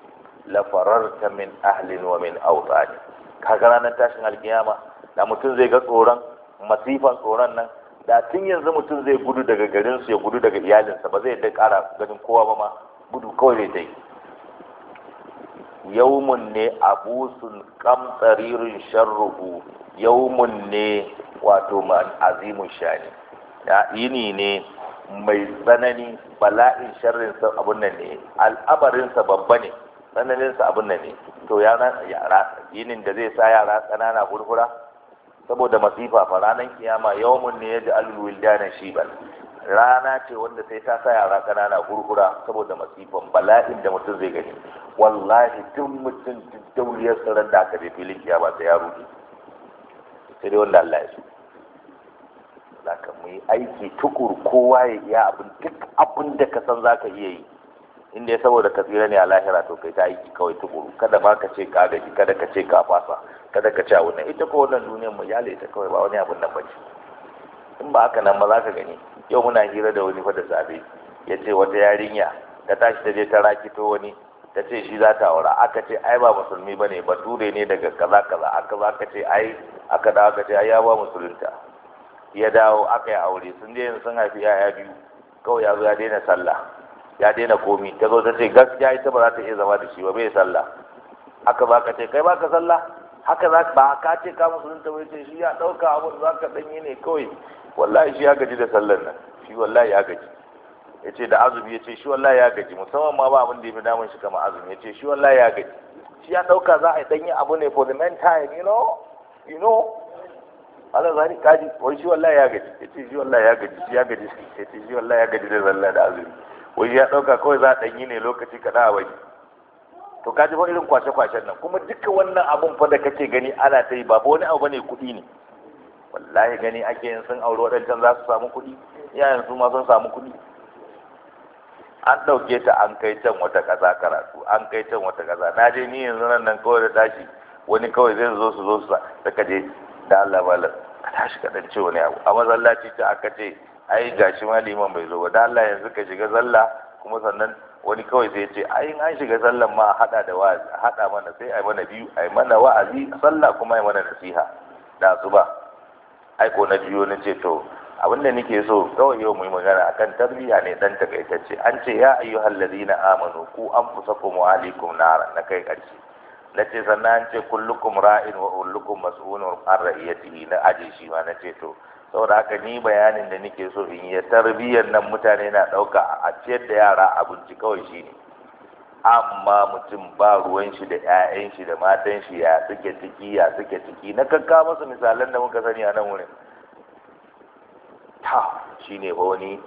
la fararta min ahlin wa min awtani kaga ranar tashin alkiyama da mutum zai ga tsoron masifan tsoron nan da tun yanzu mutum zai gudu daga garinsu ya gudu daga iyalinsa ba zai da kara ganin kowa ba ma gudu kawai zai ta yi yawmun ne abusun kamtsaririn sharruhu yawmun ne wato azimun shani yini ne mai tsanani bala'in sa abun nan ne sa babba ne tsananin sa abun nan ne to yara yinin da zai sa yara tsanana hurhura saboda masifa fa ranar kiyama yawmun ne ya ji shibal rana ce wanda sai ta sa yara ƙanana hurhura saboda masifan bala'in da mutum zai gani wallahi tun mutum dauriyar tsaron da aka je filin ba sai ya rudi sai dai wanda Allah ya so zaka mu yi aiki tukur kowa ya iya abin duk abin da ka san zaka iya yi inda ya saboda ka tsira ne a lahira to kai ta aiki kawai tukuru kada ma ka ce ka gaji kada ka ce ka fasa kada ka ce a wannan ita ko wannan duniyar mu ya ta kawai ba wani abin nan bace in ba haka nan ba za ka gani yau muna hira da wani fada sabe ya ce wata yarinya ta tashi ta je ta rakito wani ta ce shi za ta aura aka ce ai ba musulmi ba ne bature ne daga kaza kaza aka za ka ce ai aka dawo aka ce ai ya ba musulunta ya dawo aka yi aure sun je sun haifi yaya biyu kawai ya zo ya daina sallah ya daina komi ta zo ta ce gaskiya ita ba za ta iya zama da shi ba bai sallah aka ba ka ce kai ba ka sallah haka za ba ka ce ka musulunta bai ce shi ya ɗauka abu za ka ɗanyi ne kawai wallahi shi ya gaji da sallar nan shi wallahi ya gaji ya ce da azumi ya ce shi wallahi ya gaji musamman ma ba abin da ya fi damun shi kama azumi ya ce shi wallahi ya gaji shi ya ɗauka za a yi ɗanyi abu ne for the main time you know you know ala zari kaji wai shi wallahi ya gaji ya ce shi wallahi ya gaji shi ya gaji ya ce shi wallahi ya gaji da sallar da azumi wai ya ɗauka kawai za a ɗanyi ne lokaci kaɗa a bai to kaji fa irin kwashe-kwashen nan kuma duka wannan abun fa da kake gani ana ta yi ba wani abu bane kuɗi ne wallahi gani ake yin sun auri waɗancan za su samu kuɗi yayan su ma sun samu kuɗi an ɗauke ta an kai can wata ƙasa karatu an kai can wata ƙasa na je ni yanzu nan nan kawai da tashi wani kawai zai zo su zo su saka je da Allah malam ka tashi ka dan ce wani abu a masallaci ta aka ce ai gashi ma liman bai zo ba da Allah yanzu ka shiga zalla kuma sannan wani kawai zai ce ai an shiga sallan ma hada da wa'azi hada mana sai ai mana biyu ai mana wa'azi sallah kuma ai mana nasiha da su ba aiko na jiyo na ce to abin da nake so kawai yau mu yi magana akan tarbiyya ne dan takaitacce an ce ya ayyuhal ladina amanu ku anfusakum wa alikum nar na kai karshe na ce sannan an ce kullukum ra'in wa kullukum mas'ulun an ra'iyatihi na aje shi ma na ce to saboda haka ni bayanin da nake so in yi tarbiyyar nan mutane na dauka a ciyar da yara abinci kawai shine amma mutum ba ruwan shi da 'ya'yan shi da matan shi ya suke ciki ya suke ciki na kakka masa misalan da muka sani a nan wurin ta shine ba wani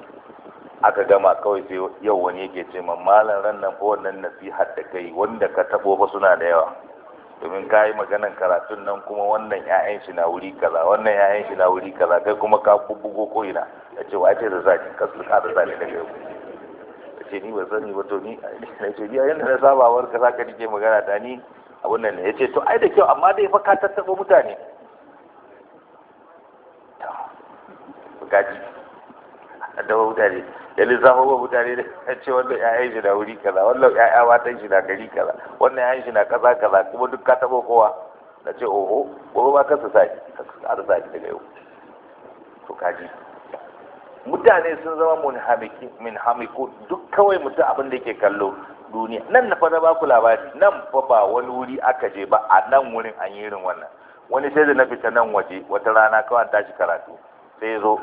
aka gama kawai sai yau wani yake ce malam ran nan ko wannan har da kai wanda ka tabo ba suna da yawa domin ka yi maganan karatun nan kuma wannan 'ya'yan shi na wuri kaza wannan 'ya'yan shi na wuri kaza kai kuma ka bubbugo ko ina ya ce wa da zaki kasu ka da zaki daga yau ce ni ba sani ba to ni na ce biya yadda na saba war ka saka ke magana da ni a wannan ne ya ce to ai da kyau amma dai fa ka tattaɓa mutane gaji a dawa mutane ya lissafa wa mutane da ya ce wannan ya'yan shi na wuri kaza wannan ya'ya matan shi na gari kaza wannan ya'yan shi na kaza kaza kuma duk ka taɓa kowa na ce oho gobe ba kasa sa ki kasa sa daga yau to kaji mutane sun zama munhamiku duk kawai mutum abin da ke kallo duniya nan na fa ba ku labari nan fa ba wani wuri aka je ba a nan wurin an yi irin wannan wani sai da na fita nan waje wata rana kawai an tashi karatu sai zo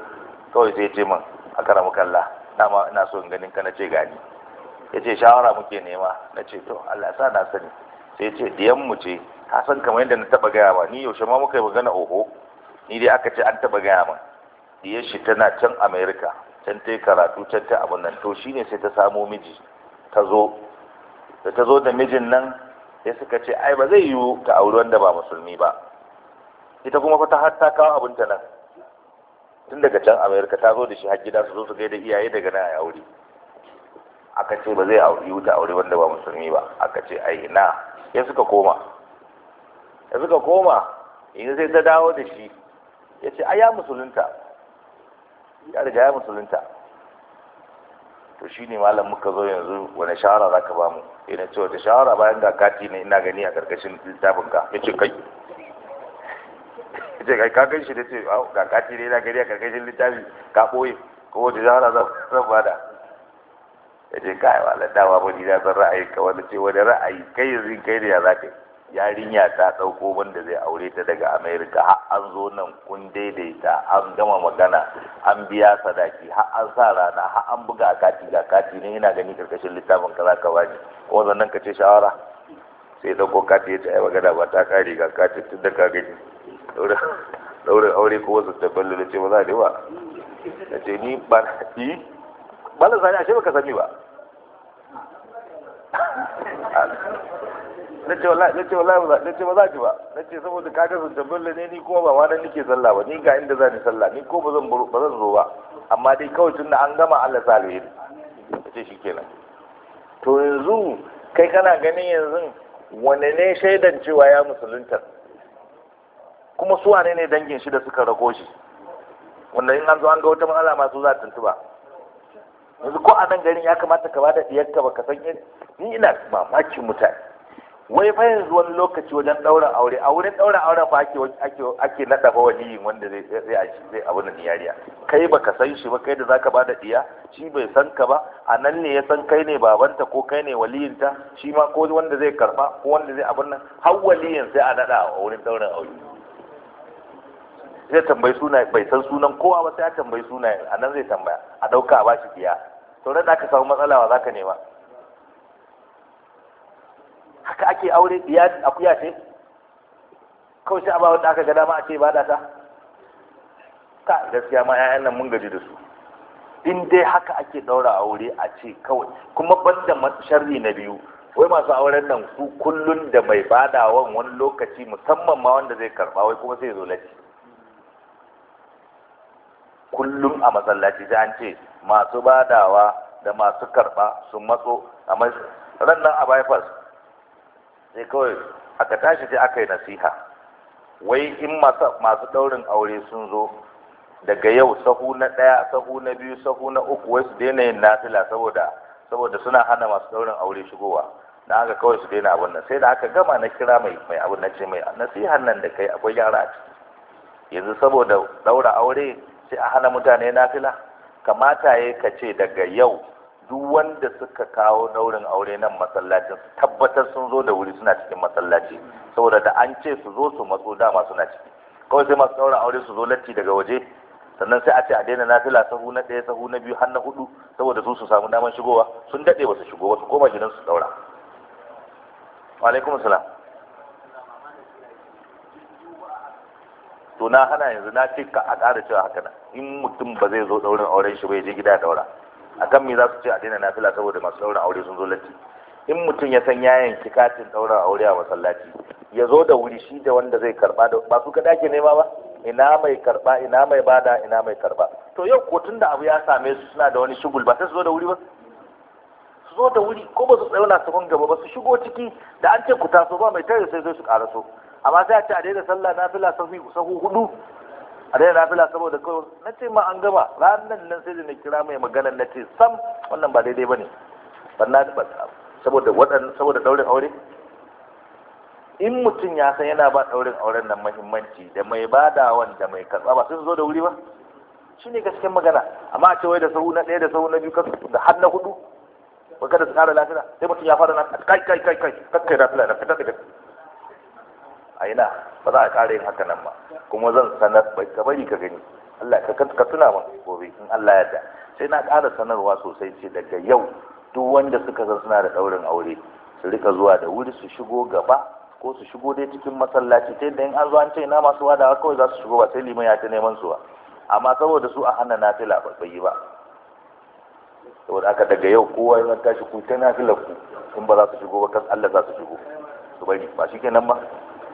kawai sai ce min a karamu kalla dama ina so in ganin ka na ce gani ya ce shawara muke nema na ce to Allah sa na sani sai ce diyan mu ce ka san kamar yadda na taba gaya ba ni yaushe ma muka yi magana oho ni dai aka ce an taba gaya ma. diyar shi tana can amerika can ta yi karatu can ta abin nan to ne sai ta samo miji ta zo da ta zo da mijin nan ya suka ce ai ba zai yiwu ta auri wanda ba musulmi ba ita kuma fa ta har ta kawo abinta nan tun daga can amerika ta zo da shi har gida su zo su gaida iyaye daga nan a aure aka ce ba zai yiwu ta aure wanda ba musulmi ba aka ce ai ina ya suka koma ya suka koma yanzu sai ta dawo da shi ya ce ai ya musulunta ya riga ya musulunta to shi ne malam muka zo yanzu wani shahara za ka ba mu ina eh, ce ta shahara bayan ga kati ne ina gani a ƙarƙashin littafin ka ya ce kai ya ce kai ka gan shi da ce ga kati ne ina gani a ƙarƙashin littafi ka ɓoye ko wata shawara zan bada ya ce kai wa dama ba ni na san ra'ayi ka wani ce wani ra'ayi kai yanzu kai ne ya za ka yi yarinya ta ɗauko wanda zai aure ta daga amerika har an zo nan kun daidaita an gama magana an biya sadaki har an sa rana har an buga kati ga kati ne yana gani karkashin littafin za ka bani ko nan ka ce shawara sai ɗauko kati ya ce ai magana ba ta kare ga kati tun da ka gani ɗaurin aure ko wasu tabbalin ce ba za a ba ni ce ni ba na eh? sani ashe baka ni ba na ce wallahi wallahi ba za ki ba na ce saboda ka ga zance bulle ne ni kuma ba wadan nake sallah ba ni ga inda zan sallah ni ko ba zan ba zan zo ba amma dai kawai tun da an gama Allah sa alheri na shi shikenan to yanzu kai kana ganin yanzu wane ne shaidan cewa ya musulunta kuma su wane ne dangin shi da suka rago shi wanda in an zo an ga wata matsala masu za tuntuba yanzu ko a nan garin ya kamata ka bada diyarka ka san ni ina mamakin mutane wai fa yanzu wani lokaci wajen daura aure a wurin daura auren fa ake ake ake nada fa waliyin wanda zai zai a zai abu na diyariya kai baka san shi ba kai da zaka bada diya shi bai san ka ba a nan ne ya san kai ne babanta ko kai ne waliyinta shi ma ko wanda zai karba ko wanda zai abin nan har waliyin sai a nada a wurin ɗaurin aure zai tambayi suna bai san sunan kowa ba sai a tambayi sunayen a nan zai tambaya a ɗauka a bashi diya to da ka samu matsala wa zaka nema haka ake aure ya akuya ce kawai sai a da aka ga dama a ce ba da ta ta gaskiya ma 'ya'yan nan mun gaji da su in dai haka ake ɗaura aure a ce kawai kuma ban da sharri na biyu wai masu auren nan su kullun da mai badawan wani lokaci musamman ma wanda zai karba wai kuma sai zo lati kullum a masallaci sai an ce masu badawa da masu karba sun matso a ran nan a bypass sai kawai aka tashi sai aka yi nasiha wai in masu ɗaurin aure sun zo daga yau sahu na ɗaya sahu na biyu sahu na uku wai su daina yin nafila saboda saboda suna hana masu ɗaurin aure shigowa na haka kawai su daina abun nan sai da aka gama na kira mai mai abin na ce mai nasihan nan da kai akwai yara a ciki yanzu saboda ɗaura aure sai a hana mutane nafila kamata ya ka ce daga yau duk wanda suka kawo daurin aure nan masallacin su tabbatar sun zo da wuri suna cikin masallaci saboda da an ce su zo su matso dama suna ciki kawai sai masu daurin aure su zo latti daga waje sannan sai a ce a daina nafila sahu na ɗaya sahu na biyu har na hudu saboda su su samu daman shigowa sun daɗe ba su shigo ba su koma gidan su daura alaikum salam to na hana yanzu na ce ka a ƙara cewa haka nan in mutum ba zai zo daurin auren shi ba ya je gida daura akan me za su ce a daina nafila saboda masu ɗaurin aure sun zo latti in mutum ya san ya yanki katin ɗaurin aure a masallaci ya zo da wuri shi da wanda zai karɓa da ba su kaɗa ake nema ba ina mai karɓa, ina mai bada ina mai karɓa. to yau ko tun da abu ya same su suna da wani shugul ba sai su zo da wuri ba su zo da wuri ko ba su tsaye su kun gaba ba su shigo ciki da an ce ku taso ba mai tare sai zai su karaso amma sai a ce a daina sallah nafila sahu hudu a dai rafila saboda kawai na ce ma an gama ranar nan sai da na kira mai magana na ce sam wannan ba daidai ba ne banna ba saboda waɗannan saboda ɗaurin aure in mutum ya san yana ba ɗaurin auren nan mahimmanci da mai badawan da mai karɓa ba su zo da wuri ba shi ne gasken magana amma a cewa da sahu na ɗaya da sahu na biyu da har na hudu ba kada su ƙara lafiya sai mutum ya fara na kai kai kai kai kai kai lafiya na fita da. a ina ba za a kare yin haka nan ba kuma zan sanar bai ka bari ka gani Allah ka tuna min gobe in Allah da sai na ƙara sanarwa sosai ce daga yau duk wanda suka san suna da ɗaurin aure su rika zuwa da wuri su shigo gaba ko su shigo dai cikin masallaci ta yadda in an zo an ce ina masu wada kawai za su shigo ba sai liman ya ta neman su ba amma saboda su a hana fila ba bai yi ba saboda aka daga yau kowa ya tashi ku ta nafilar ku in ba za su shigo ba kan Allah za su shigo su bari ba shi kenan ba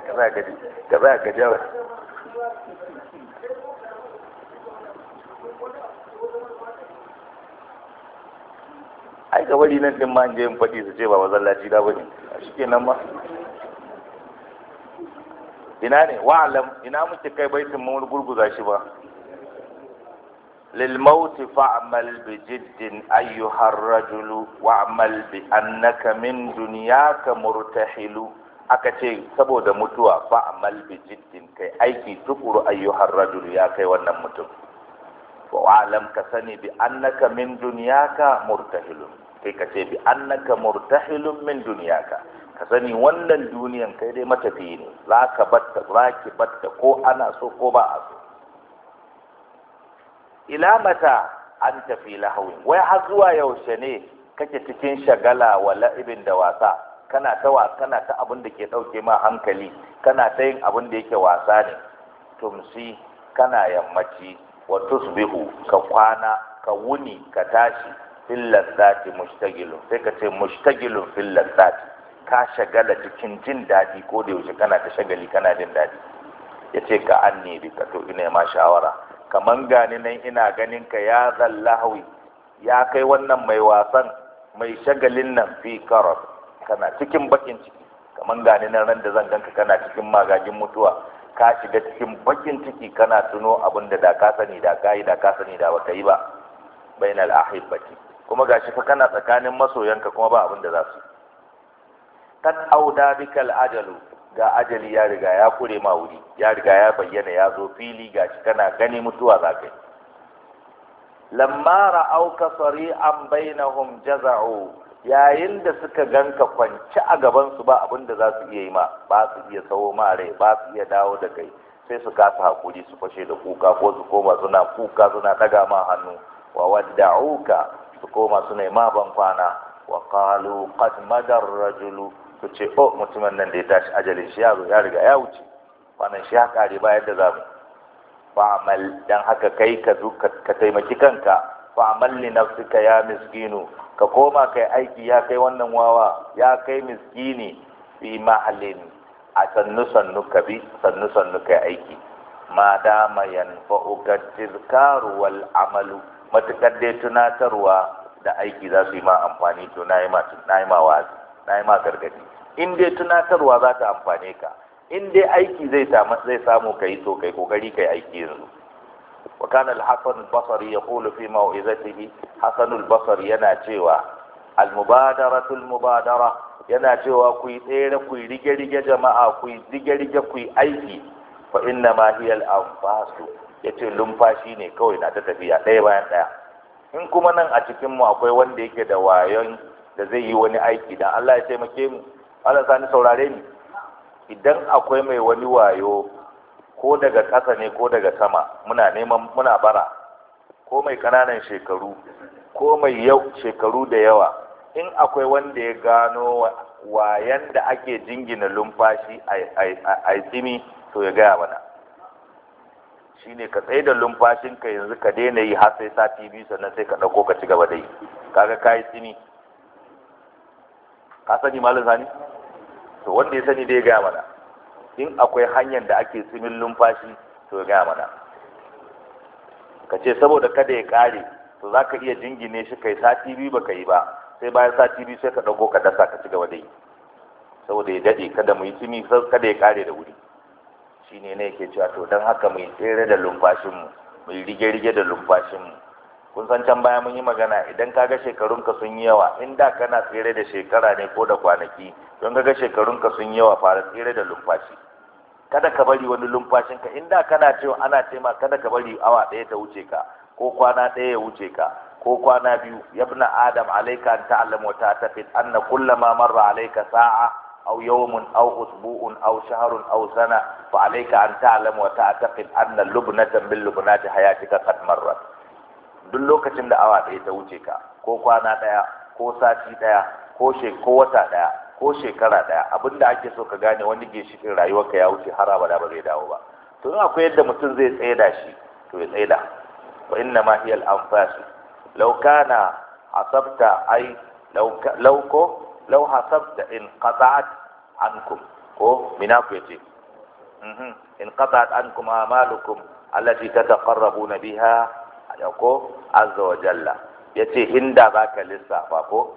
ka ka ja ai ga wani nan din ma je in faɗi su ce ba mazallaci da bane a cikin nan ma ina ne wa alam ina muke kai baitin mun gurguza shi ba lil maut fa'mal bi jidd ayyuha ar-rajulu wa'mal bi annaka min dunyaka murtahilu aka ce saboda mutuwa fa amal bi jiddin kai aiki tukuru ayyuhar rajul ya kai wannan mutum wa alam ka sani bi annaka min dunyaka murtahilun kai ka ce bi annaka murtahilun min dunyaka ka sani wannan duniyan kai dai matafi ne za ka batta za ki batta ko ana so ko ba a so ila mata an tafi lahawin wai har zuwa yaushe ne kake cikin shagala wa la'ibin da wasa kana ta wa kana ta abin da ke ɗauke ma hankali kana ta yin abin da yake wasa ne tumsi kana yammaci wa tusbihu ka kwana ka wuni ka tashi fillar zati mushtagilu sai ka ce mushtagilu fillar zati? ka shagala cikin jin daɗi ko da yaushe kana ta shagali kana jin daɗi ya ce ka an ne ka to ina ma shawara kaman gani nan ina ganin ka ya zallahawi ya kai wannan mai wasan mai shagalin nan fi karas kana cikin bakin ciki kamar gani nan ran da zan ganka kana cikin magagin mutuwa ka shiga cikin bakin ciki kana tuno abin da da ka sani da ka yi da ka sani da baka yi ba bainal ahibbati kuma gashi fa kana tsakanin masoyanka kuma ba abin da za su kad auda bikal ajalu ga ajali ya riga ya kure ma wuri ya riga ya bayyana ya zo fili gashi kana gani mutuwa za ka yi lamma ra'auka sari'an bainahum jaza'u yayin da suka ganka kwanci a gabansu ba abin da za su iya yi ma ba su iya sawo ma rai ba su iya dawo da kai sai su kasa hakuri su fashe da kuka ko su koma suna kuka suna daga ma hannu wa auka su koma suna ma ban kwana wa kalu qad madar rajulu su ce 'O' oh, mutumin nan da ya tashi ajalin shi ya zo ya riga ya wuce wannan shi ya kare ba yadda za mu fa'amal dan haka kai ka zo ka taimaki kanka fa'amal li nafsika ya miskinu ka koma kai aiki ya kai wannan wawa ya kai miskini fi mahallin a sannu sannu ka bi sannu sannu kai aiki ma dama yanfa'uka tilkaru wal amalu matukar dai tunatarwa da aiki za su yi ma amfani to na yi ma gargadi in dai tunatarwa za ta amfane ka in dai aiki zai samu zai samu kai to kai kokari kai aiki yanzu وكان الحسن البصري يقول في موعظته حسن البصري ku yi rige rige jama'a ku yi rige-rige ku yi aiki fa inna ma hiya al الأنفاس yace lumfashi ne kawai na ta tafiya ɗaya bayan ɗaya in kuma nan a cikin mu akwai wanda yake da wayon da zai yi wani aiki dan Allah ya taimake mu Allah sani saurare ni idan akwai mai wani wayo ko daga ƙasa ne ko daga sama muna neman muna bara ko mai ƙananan shekaru ko mai yau shekaru da yawa in akwai wanda ya gano wayan da ake jingina lumfashi a tsimi to ya gaya mana shi ne ka tsaye da lumfashinka yanzu ka daina yi har sai sati biyu sannan sai ka ɗauko ka ci gaba da yi kaga ka yi tsimi ka sani malin sani to wanda ya sani dai ya gaya mana in akwai hanyar da ake tsimin lumfashi to ya gaya mana ka ce saboda kada ya kare to za ka iya jingine shi kai sati biyu ba ka yi ba sai bayan sati biyu sai ka ɗago ka dasa ka ci gaba saboda ya daɗe kada mu yi tsimi kada ya kare da wuri shi ne na yake cewa to don haka mu yi tsere da lumfashinmu mu yi rige-rige da lumfashinmu kun san can baya mun yi magana idan ka ga shekarunka sun yi yawa in da kana tsere da shekara ne ko da kwanaki don shekarun shekarunka sun yawa fara tsere da lumfashi kada ka bari wani lumfashin ka inda kana cewa ana ce kada ka bari awa ɗaya ta wuce ka ko kwana ɗaya ya wuce ka ko kwana biyu yabna adam alayka an ta'lamu ta tafid anna kullama marra alayka sa'a aw yawmun aw usbu'un aw shahrun aw sana fa alayka an ta'lamu wa ta'taqid anna lubnatan bil lubnati hayatika qad marrat duk lokacin da awa ɗaya ta wuce ka ko kwana ɗaya ko sati ɗaya ko she ko wata ɗaya ko shekara ɗaya abinda ake so ka gane wani rayuwar rayuwarka ya wuce har abada ba zai dawo ba to in akwai yadda mutum zai da shi to ya tsaida wa inna ma hiya al-anfas law kana hasabta ai law ko law hasabta in qata'at ankum ko minaku yace mhm in qata'at ankum amalukum allati tataqarrabuna biha ko azza wa jalla yace inda baka lissafa ko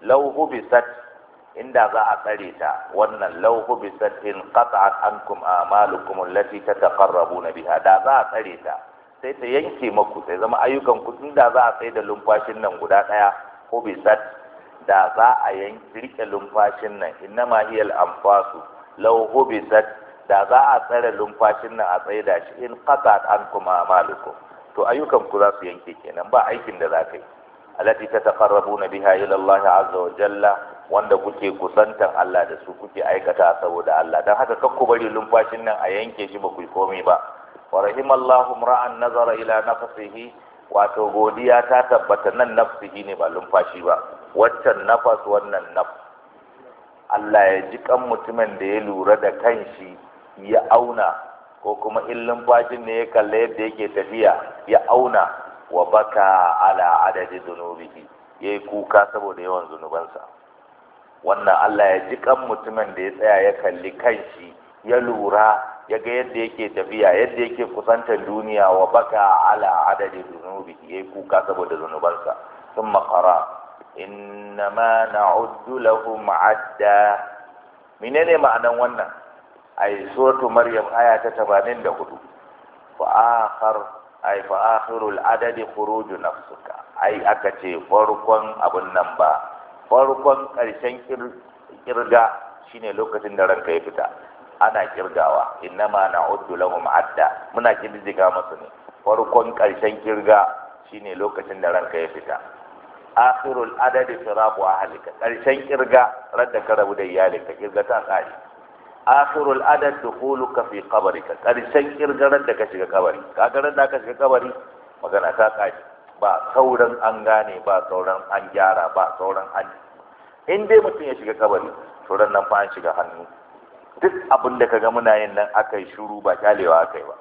law hubisat inda za a tsare ta wannan lauhu bi satin qat'at ankum amalukum allati tataqarrabuna biha da za a tsare ta sai ta yanke maku sai zama ayyukan ku inda za a tsaye da lumfashin nan guda daya ko bi sat da za a yanke rike lumfashin nan innama hiyal anfasu lauhu bi sat da za a tsare lumfashin nan a tsaye da shi in qat'at ankum amalukum to ayyukan ku za su yanke kenan ba aikin da za ka yi allati tataqarrabuna biha ila Allah azza wa jalla wanda kuke kusantan Allah da su kuke aikata saboda Allah don haka kakku bari lumfashin nan a yanke shi ba ku komai ba wa rahimallahu ra'an nazara ila nafsihi wato godiya ta tabbata nan nafsihi ne ba lumfashi ba waccan nafas wannan naf Allah ya ji kan mutumin da ya lura da kanshi ya auna ko kuma in lumfashin ne ya kalla yadda yake tafiya ya auna wa baka ala adadi zunubihi yayi kuka saboda yawan zunubansa wannan Allah ya ji kan mutumin da ya tsaya ya kalli kanshi ya lura ya ga yadda yake tafiya yadda yake kusantar duniya wa baka ala adadi zunubi ya yi kuka saboda zunubansa sun makara innama na'uddu lahum adda menene ma'anan wannan ai suratu maryam aya ta 84 fa akhar ai fa akhirul adadi khuruju nafsuka ai aka ce farkon abun nan ba farkon ƙarshen kirga shine lokacin da ranka ya fita ana kirgawa na uddu lahum adda muna kiddiga masu ne farkon ƙarshen kirga shine lokacin da ranka ya fita akhirul adadi firabu ahlika ƙarshen kirga radda ka rabu da iyalinka kirga ta tsari akhirul adad dukhuluka fi qabrika ƙarshen kirga radda ka shiga kabari kaga radda ka shiga kabari magana ta tsari ba sauran an gane ba sauran an gyara ba sauran an in dai mutum ya shiga kabari to ran nan fa an shiga hannu duk abin da kaga muna yin nan aka yi shiru ba kyalewa akai ba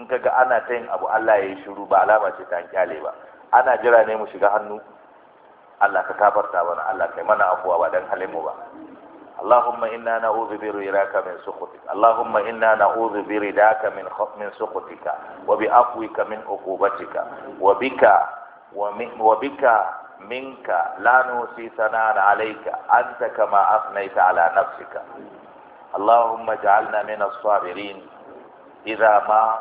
in kaga ana ta yin abu Allah ya yi shiru ba alama ce ta kyale ba ana jira ne mu shiga hannu Allah ka kafarta mana Allah kai mana afuwa ba dan halin mu ba Allahumma inna نعوذ برداك من سخطك اللهم min نعوذ wa bi من min uqubatika wa bika wa bika منك لا نوصي ثناء عليك أنت كما أثنيت على نفسك اللهم اجعلنا من الصابرين إذا ما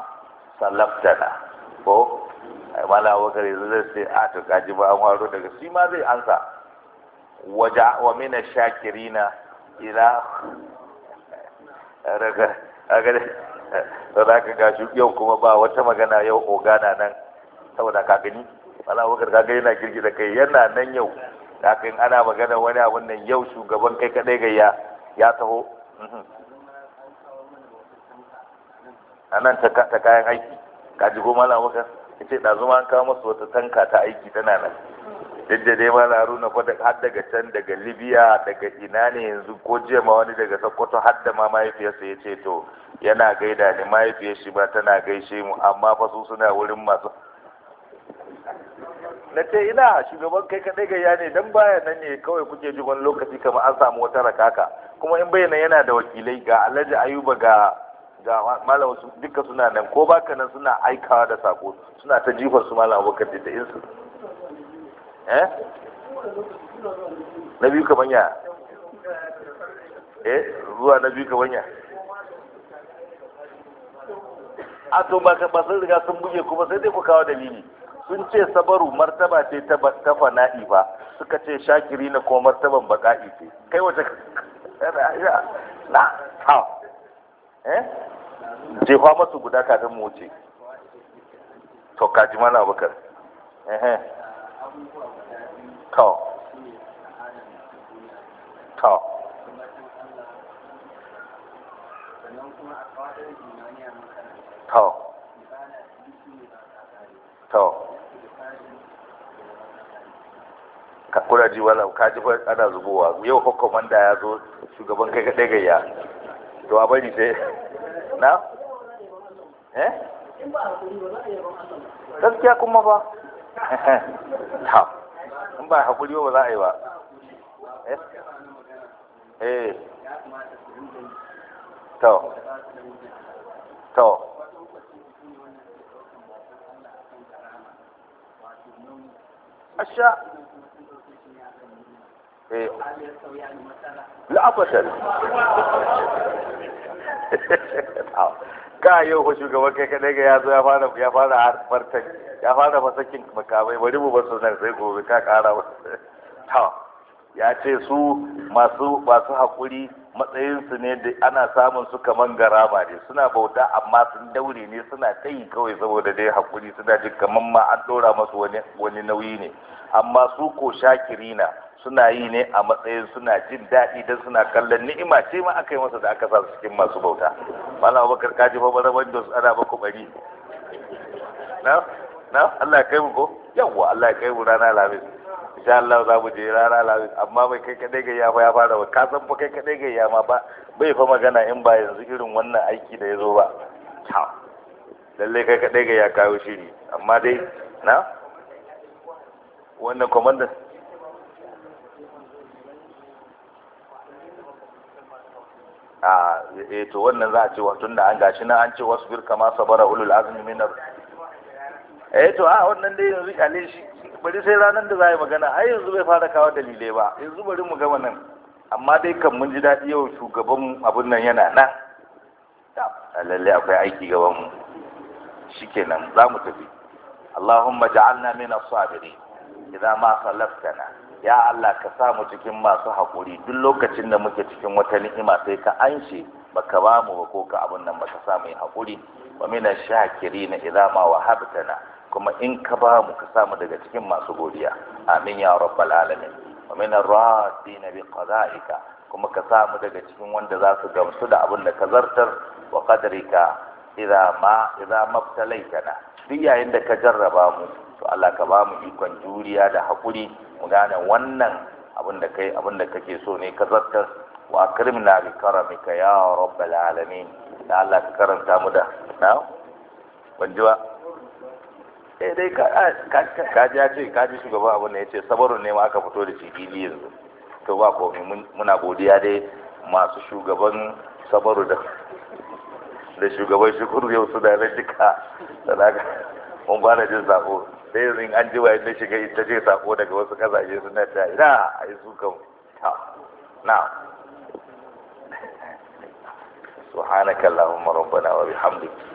سلبتنا ko mala wakari zai sai a to kaji ba an waro daga shi ma zai ansa waja wa min ash-shakirina ila raga agare da ka ga yau kuma ba wata magana yau ogana nan saboda ka gani gani na yana da kai yana nan yau kafin ana magana wani abun nan yau shugaban kai kadai gayya ya taho mhm. a nan ta kayan aiki ka ji goma alawakar ya ce da zuma an kawo masu wata tanka ta aiki tana nan duk da dai mala haruna ko har daga can daga libya daga ina ne yanzu ko jiya ma wani daga sokoto har da ma mahaifiyarsa ya ce to yana gaida ne mahaifiyar shi ba tana gaishe mu amma fa su suna wurin masu na ce ina shugaban kai kaɗai gayya ne don baya nan ne kawai kuke ji wani lokaci kamar an samu wata rakaka kuma in bayyana yana da wakilai ga alhaji ayuba ga ga malam su duka suna nan ko baka nan suna aikawa da sako suna ta jifar su malam abubakar da insu eh na biyu kaman ya eh zuwa na biyu kaman ya a to ba ka ba sun riga sun buge kuma sai dai ku kawo dalili sun ce sabaru martaba ce ta ta na'i ba suka ce shakiri na kuma martaban baka'i ce kai wace na ha eh jefa masu guda ka mu wuce to kaji mana abakar eh to to to to ka kura ji wala ka ji ana zubowa yau fa komanda ya zo shugaban kai kadai gayya to a bari sai na eh gaskiya kuma ba ta in ba hakuri ba za a yi ba eh eh to to asha ka yau ko shugaban kai kadai ga ya zo ya fara ya fara harfartan ya fara fasakin makamai bari mu bar su nan sai gobe ka kara ta ya ce su masu masu hakuri matsayinsu ne da ana samun su kaman garama ne suna bauta amma sun daure ne suna tsayi kawai saboda dai hakuri suna jin kaman ma an ɗora masu wani wani nauyi ne amma su ko shakirina suna yi ne a matsayin suna jin daɗi don suna kallon ni'ima ce ma aka yi masa da aka sa su cikin masu bauta malam abubakar kaji fa barabar su ana ba ku bari na na Allah ya kai mu ko yawwa Allah ya kai mu rana lamis insha Allah za mu je rara lamis amma bai kai kadai ga ya ya fara ba ka san fa kai kadai ga ya ma ba bai fa magana in ba yanzu irin wannan aiki da ya zo ba ta lalle kai kadai ga ya kawo shiri amma dai na wannan commander a eh to wannan za a ce wato da an gashi nan an ce wasu birka ma sabara ulul azmi minar eh to a wannan dai yanzu kale shi bari sai ranar da za yi magana ai yanzu bai fara kawo dalilai ba yanzu bari mu gama nan amma dai kan mun ji daɗi yau shugaban abun nan yana nan lalle akwai aiki gaban mu shikenan za mu tafi Allahumma ja'alna min as-sabirin idza ma salaftana ya Allah ka sa mu cikin masu haƙuri duk lokacin da muke cikin wata ni'ima sai ka anshe baka ba mu ba ko ka abun nan baka sa mu haƙuri wa min ash-shakirin idza ma wahabtana kuma in ka ba mu ka samu daga cikin masu godiya amin ya rabbal alamin wa min ar-radin bi qada'ika kuma ka samu daga cikin wanda za su gamsu da abin da ka zartar wa qadrika idza ma idza mabtalaitana duk yayin da ka jarraba mu to Allah ka ba mu ikon juriya da hakuri mu gane wannan abin da kai abin da kake so ne ka zartar wa akrimna bi karamika ya rabbal alamin da Allah ka karanta mu da na eh dai ah, ka ji ya ce ka ji shugaba abin da ya ce sabarun ne ma aka fito da shi fili yanzu to ba komai muna godiya dai masu shugaban sabaru da da shugaban shukuru yau su da na jika sadaka mun ba da jin sako sai yanzu an ji wayan na shiga ita je sako daga wasu kasashe suna ta ina a yi su kan ta na subhanakallahumma rabbana wa bihamdika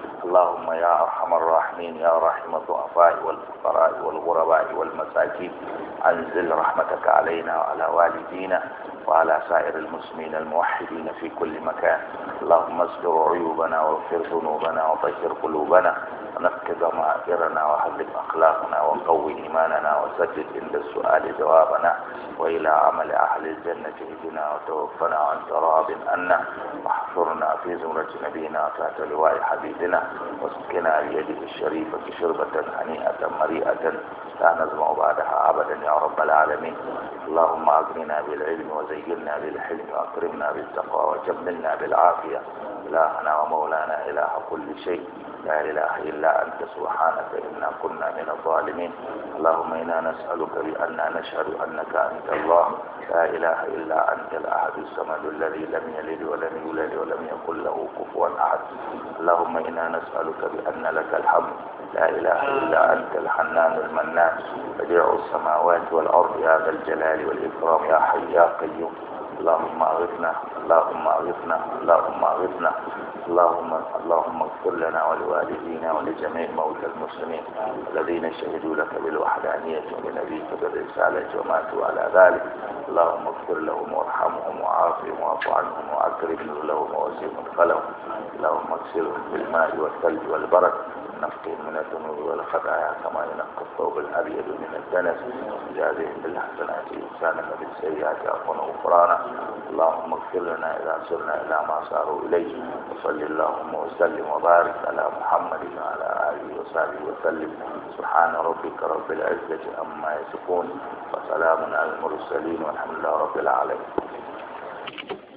اللهم يا أرحم الراحمين يا رحم الضعفاء والفقراء والغرباء والمساكين أنزل رحمتك علينا وعلى والدينا وعلى سائر المسلمين الموحدين في كل مكان اللهم استر عيوبنا واغفر ذنوبنا وطهر قلوبنا ونفكذ معافرنا وحبب أخلاقنا وقوي إيماننا وسدد عند السؤال جوابنا وإلى عمل أهل الجنة اهدنا وتوفنا عن تراب أنا واحفرنا في زمرة نبينا تحت لواء حبيبنا واسقنا يده الشريفة شربة هنيئة مريئة لا نزمع بعدها أبدا يا رب العالمين اللهم أغننا بالعلم وزينا بالحلم وأكرمنا بالتقوى وجملنا بالعافية إلهنا ومولانا إله كل شيء لا إله إلا أنت سبحانك إنا كنا من الظالمين اللهم إنا نسألك بأننا نشهد أنك أنت الله لا إله إلا أنت الأحد الصمد الذي لم يلد ولم يولد ولم يكن له كفوا أحد اللهم إنا نسألك بأن لك الحمد لا إله إلا أنت الحنان المنان بديع السماوات والأرض يا ذا الجلال والإكرام يا حي يا قيوم اللهم اغثنا اللهم اغثنا اللهم اغثنا اللهم اللهم اغفر لنا ولوالدينا ولجميع موتى المسلمين الذين شهدوا لك بالوحدانية ولنبيك بالرسالة وماتوا على ذلك اللهم اغفر لهم وارحمهم وعافهم واعف عنهم واكرم لهم ووسع مدخلهم اللهم اغسلهم بالماء والثلج والبرد نفطر من الذنوب والخطايا كما ينقى الثوب الابيض من الدنس جازهم بالحسنات انسانا وبالسيئات عفوا غفرانا اللهم اغفر لنا اذا سرنا الى ما ساروا اليه وصل اللهم وسلم وبارك على محمد وعلى اله وصحبه وسلم سبحان ربك رب العزه عما يصفون وسلام على المرسلين والحمد لله رب العالمين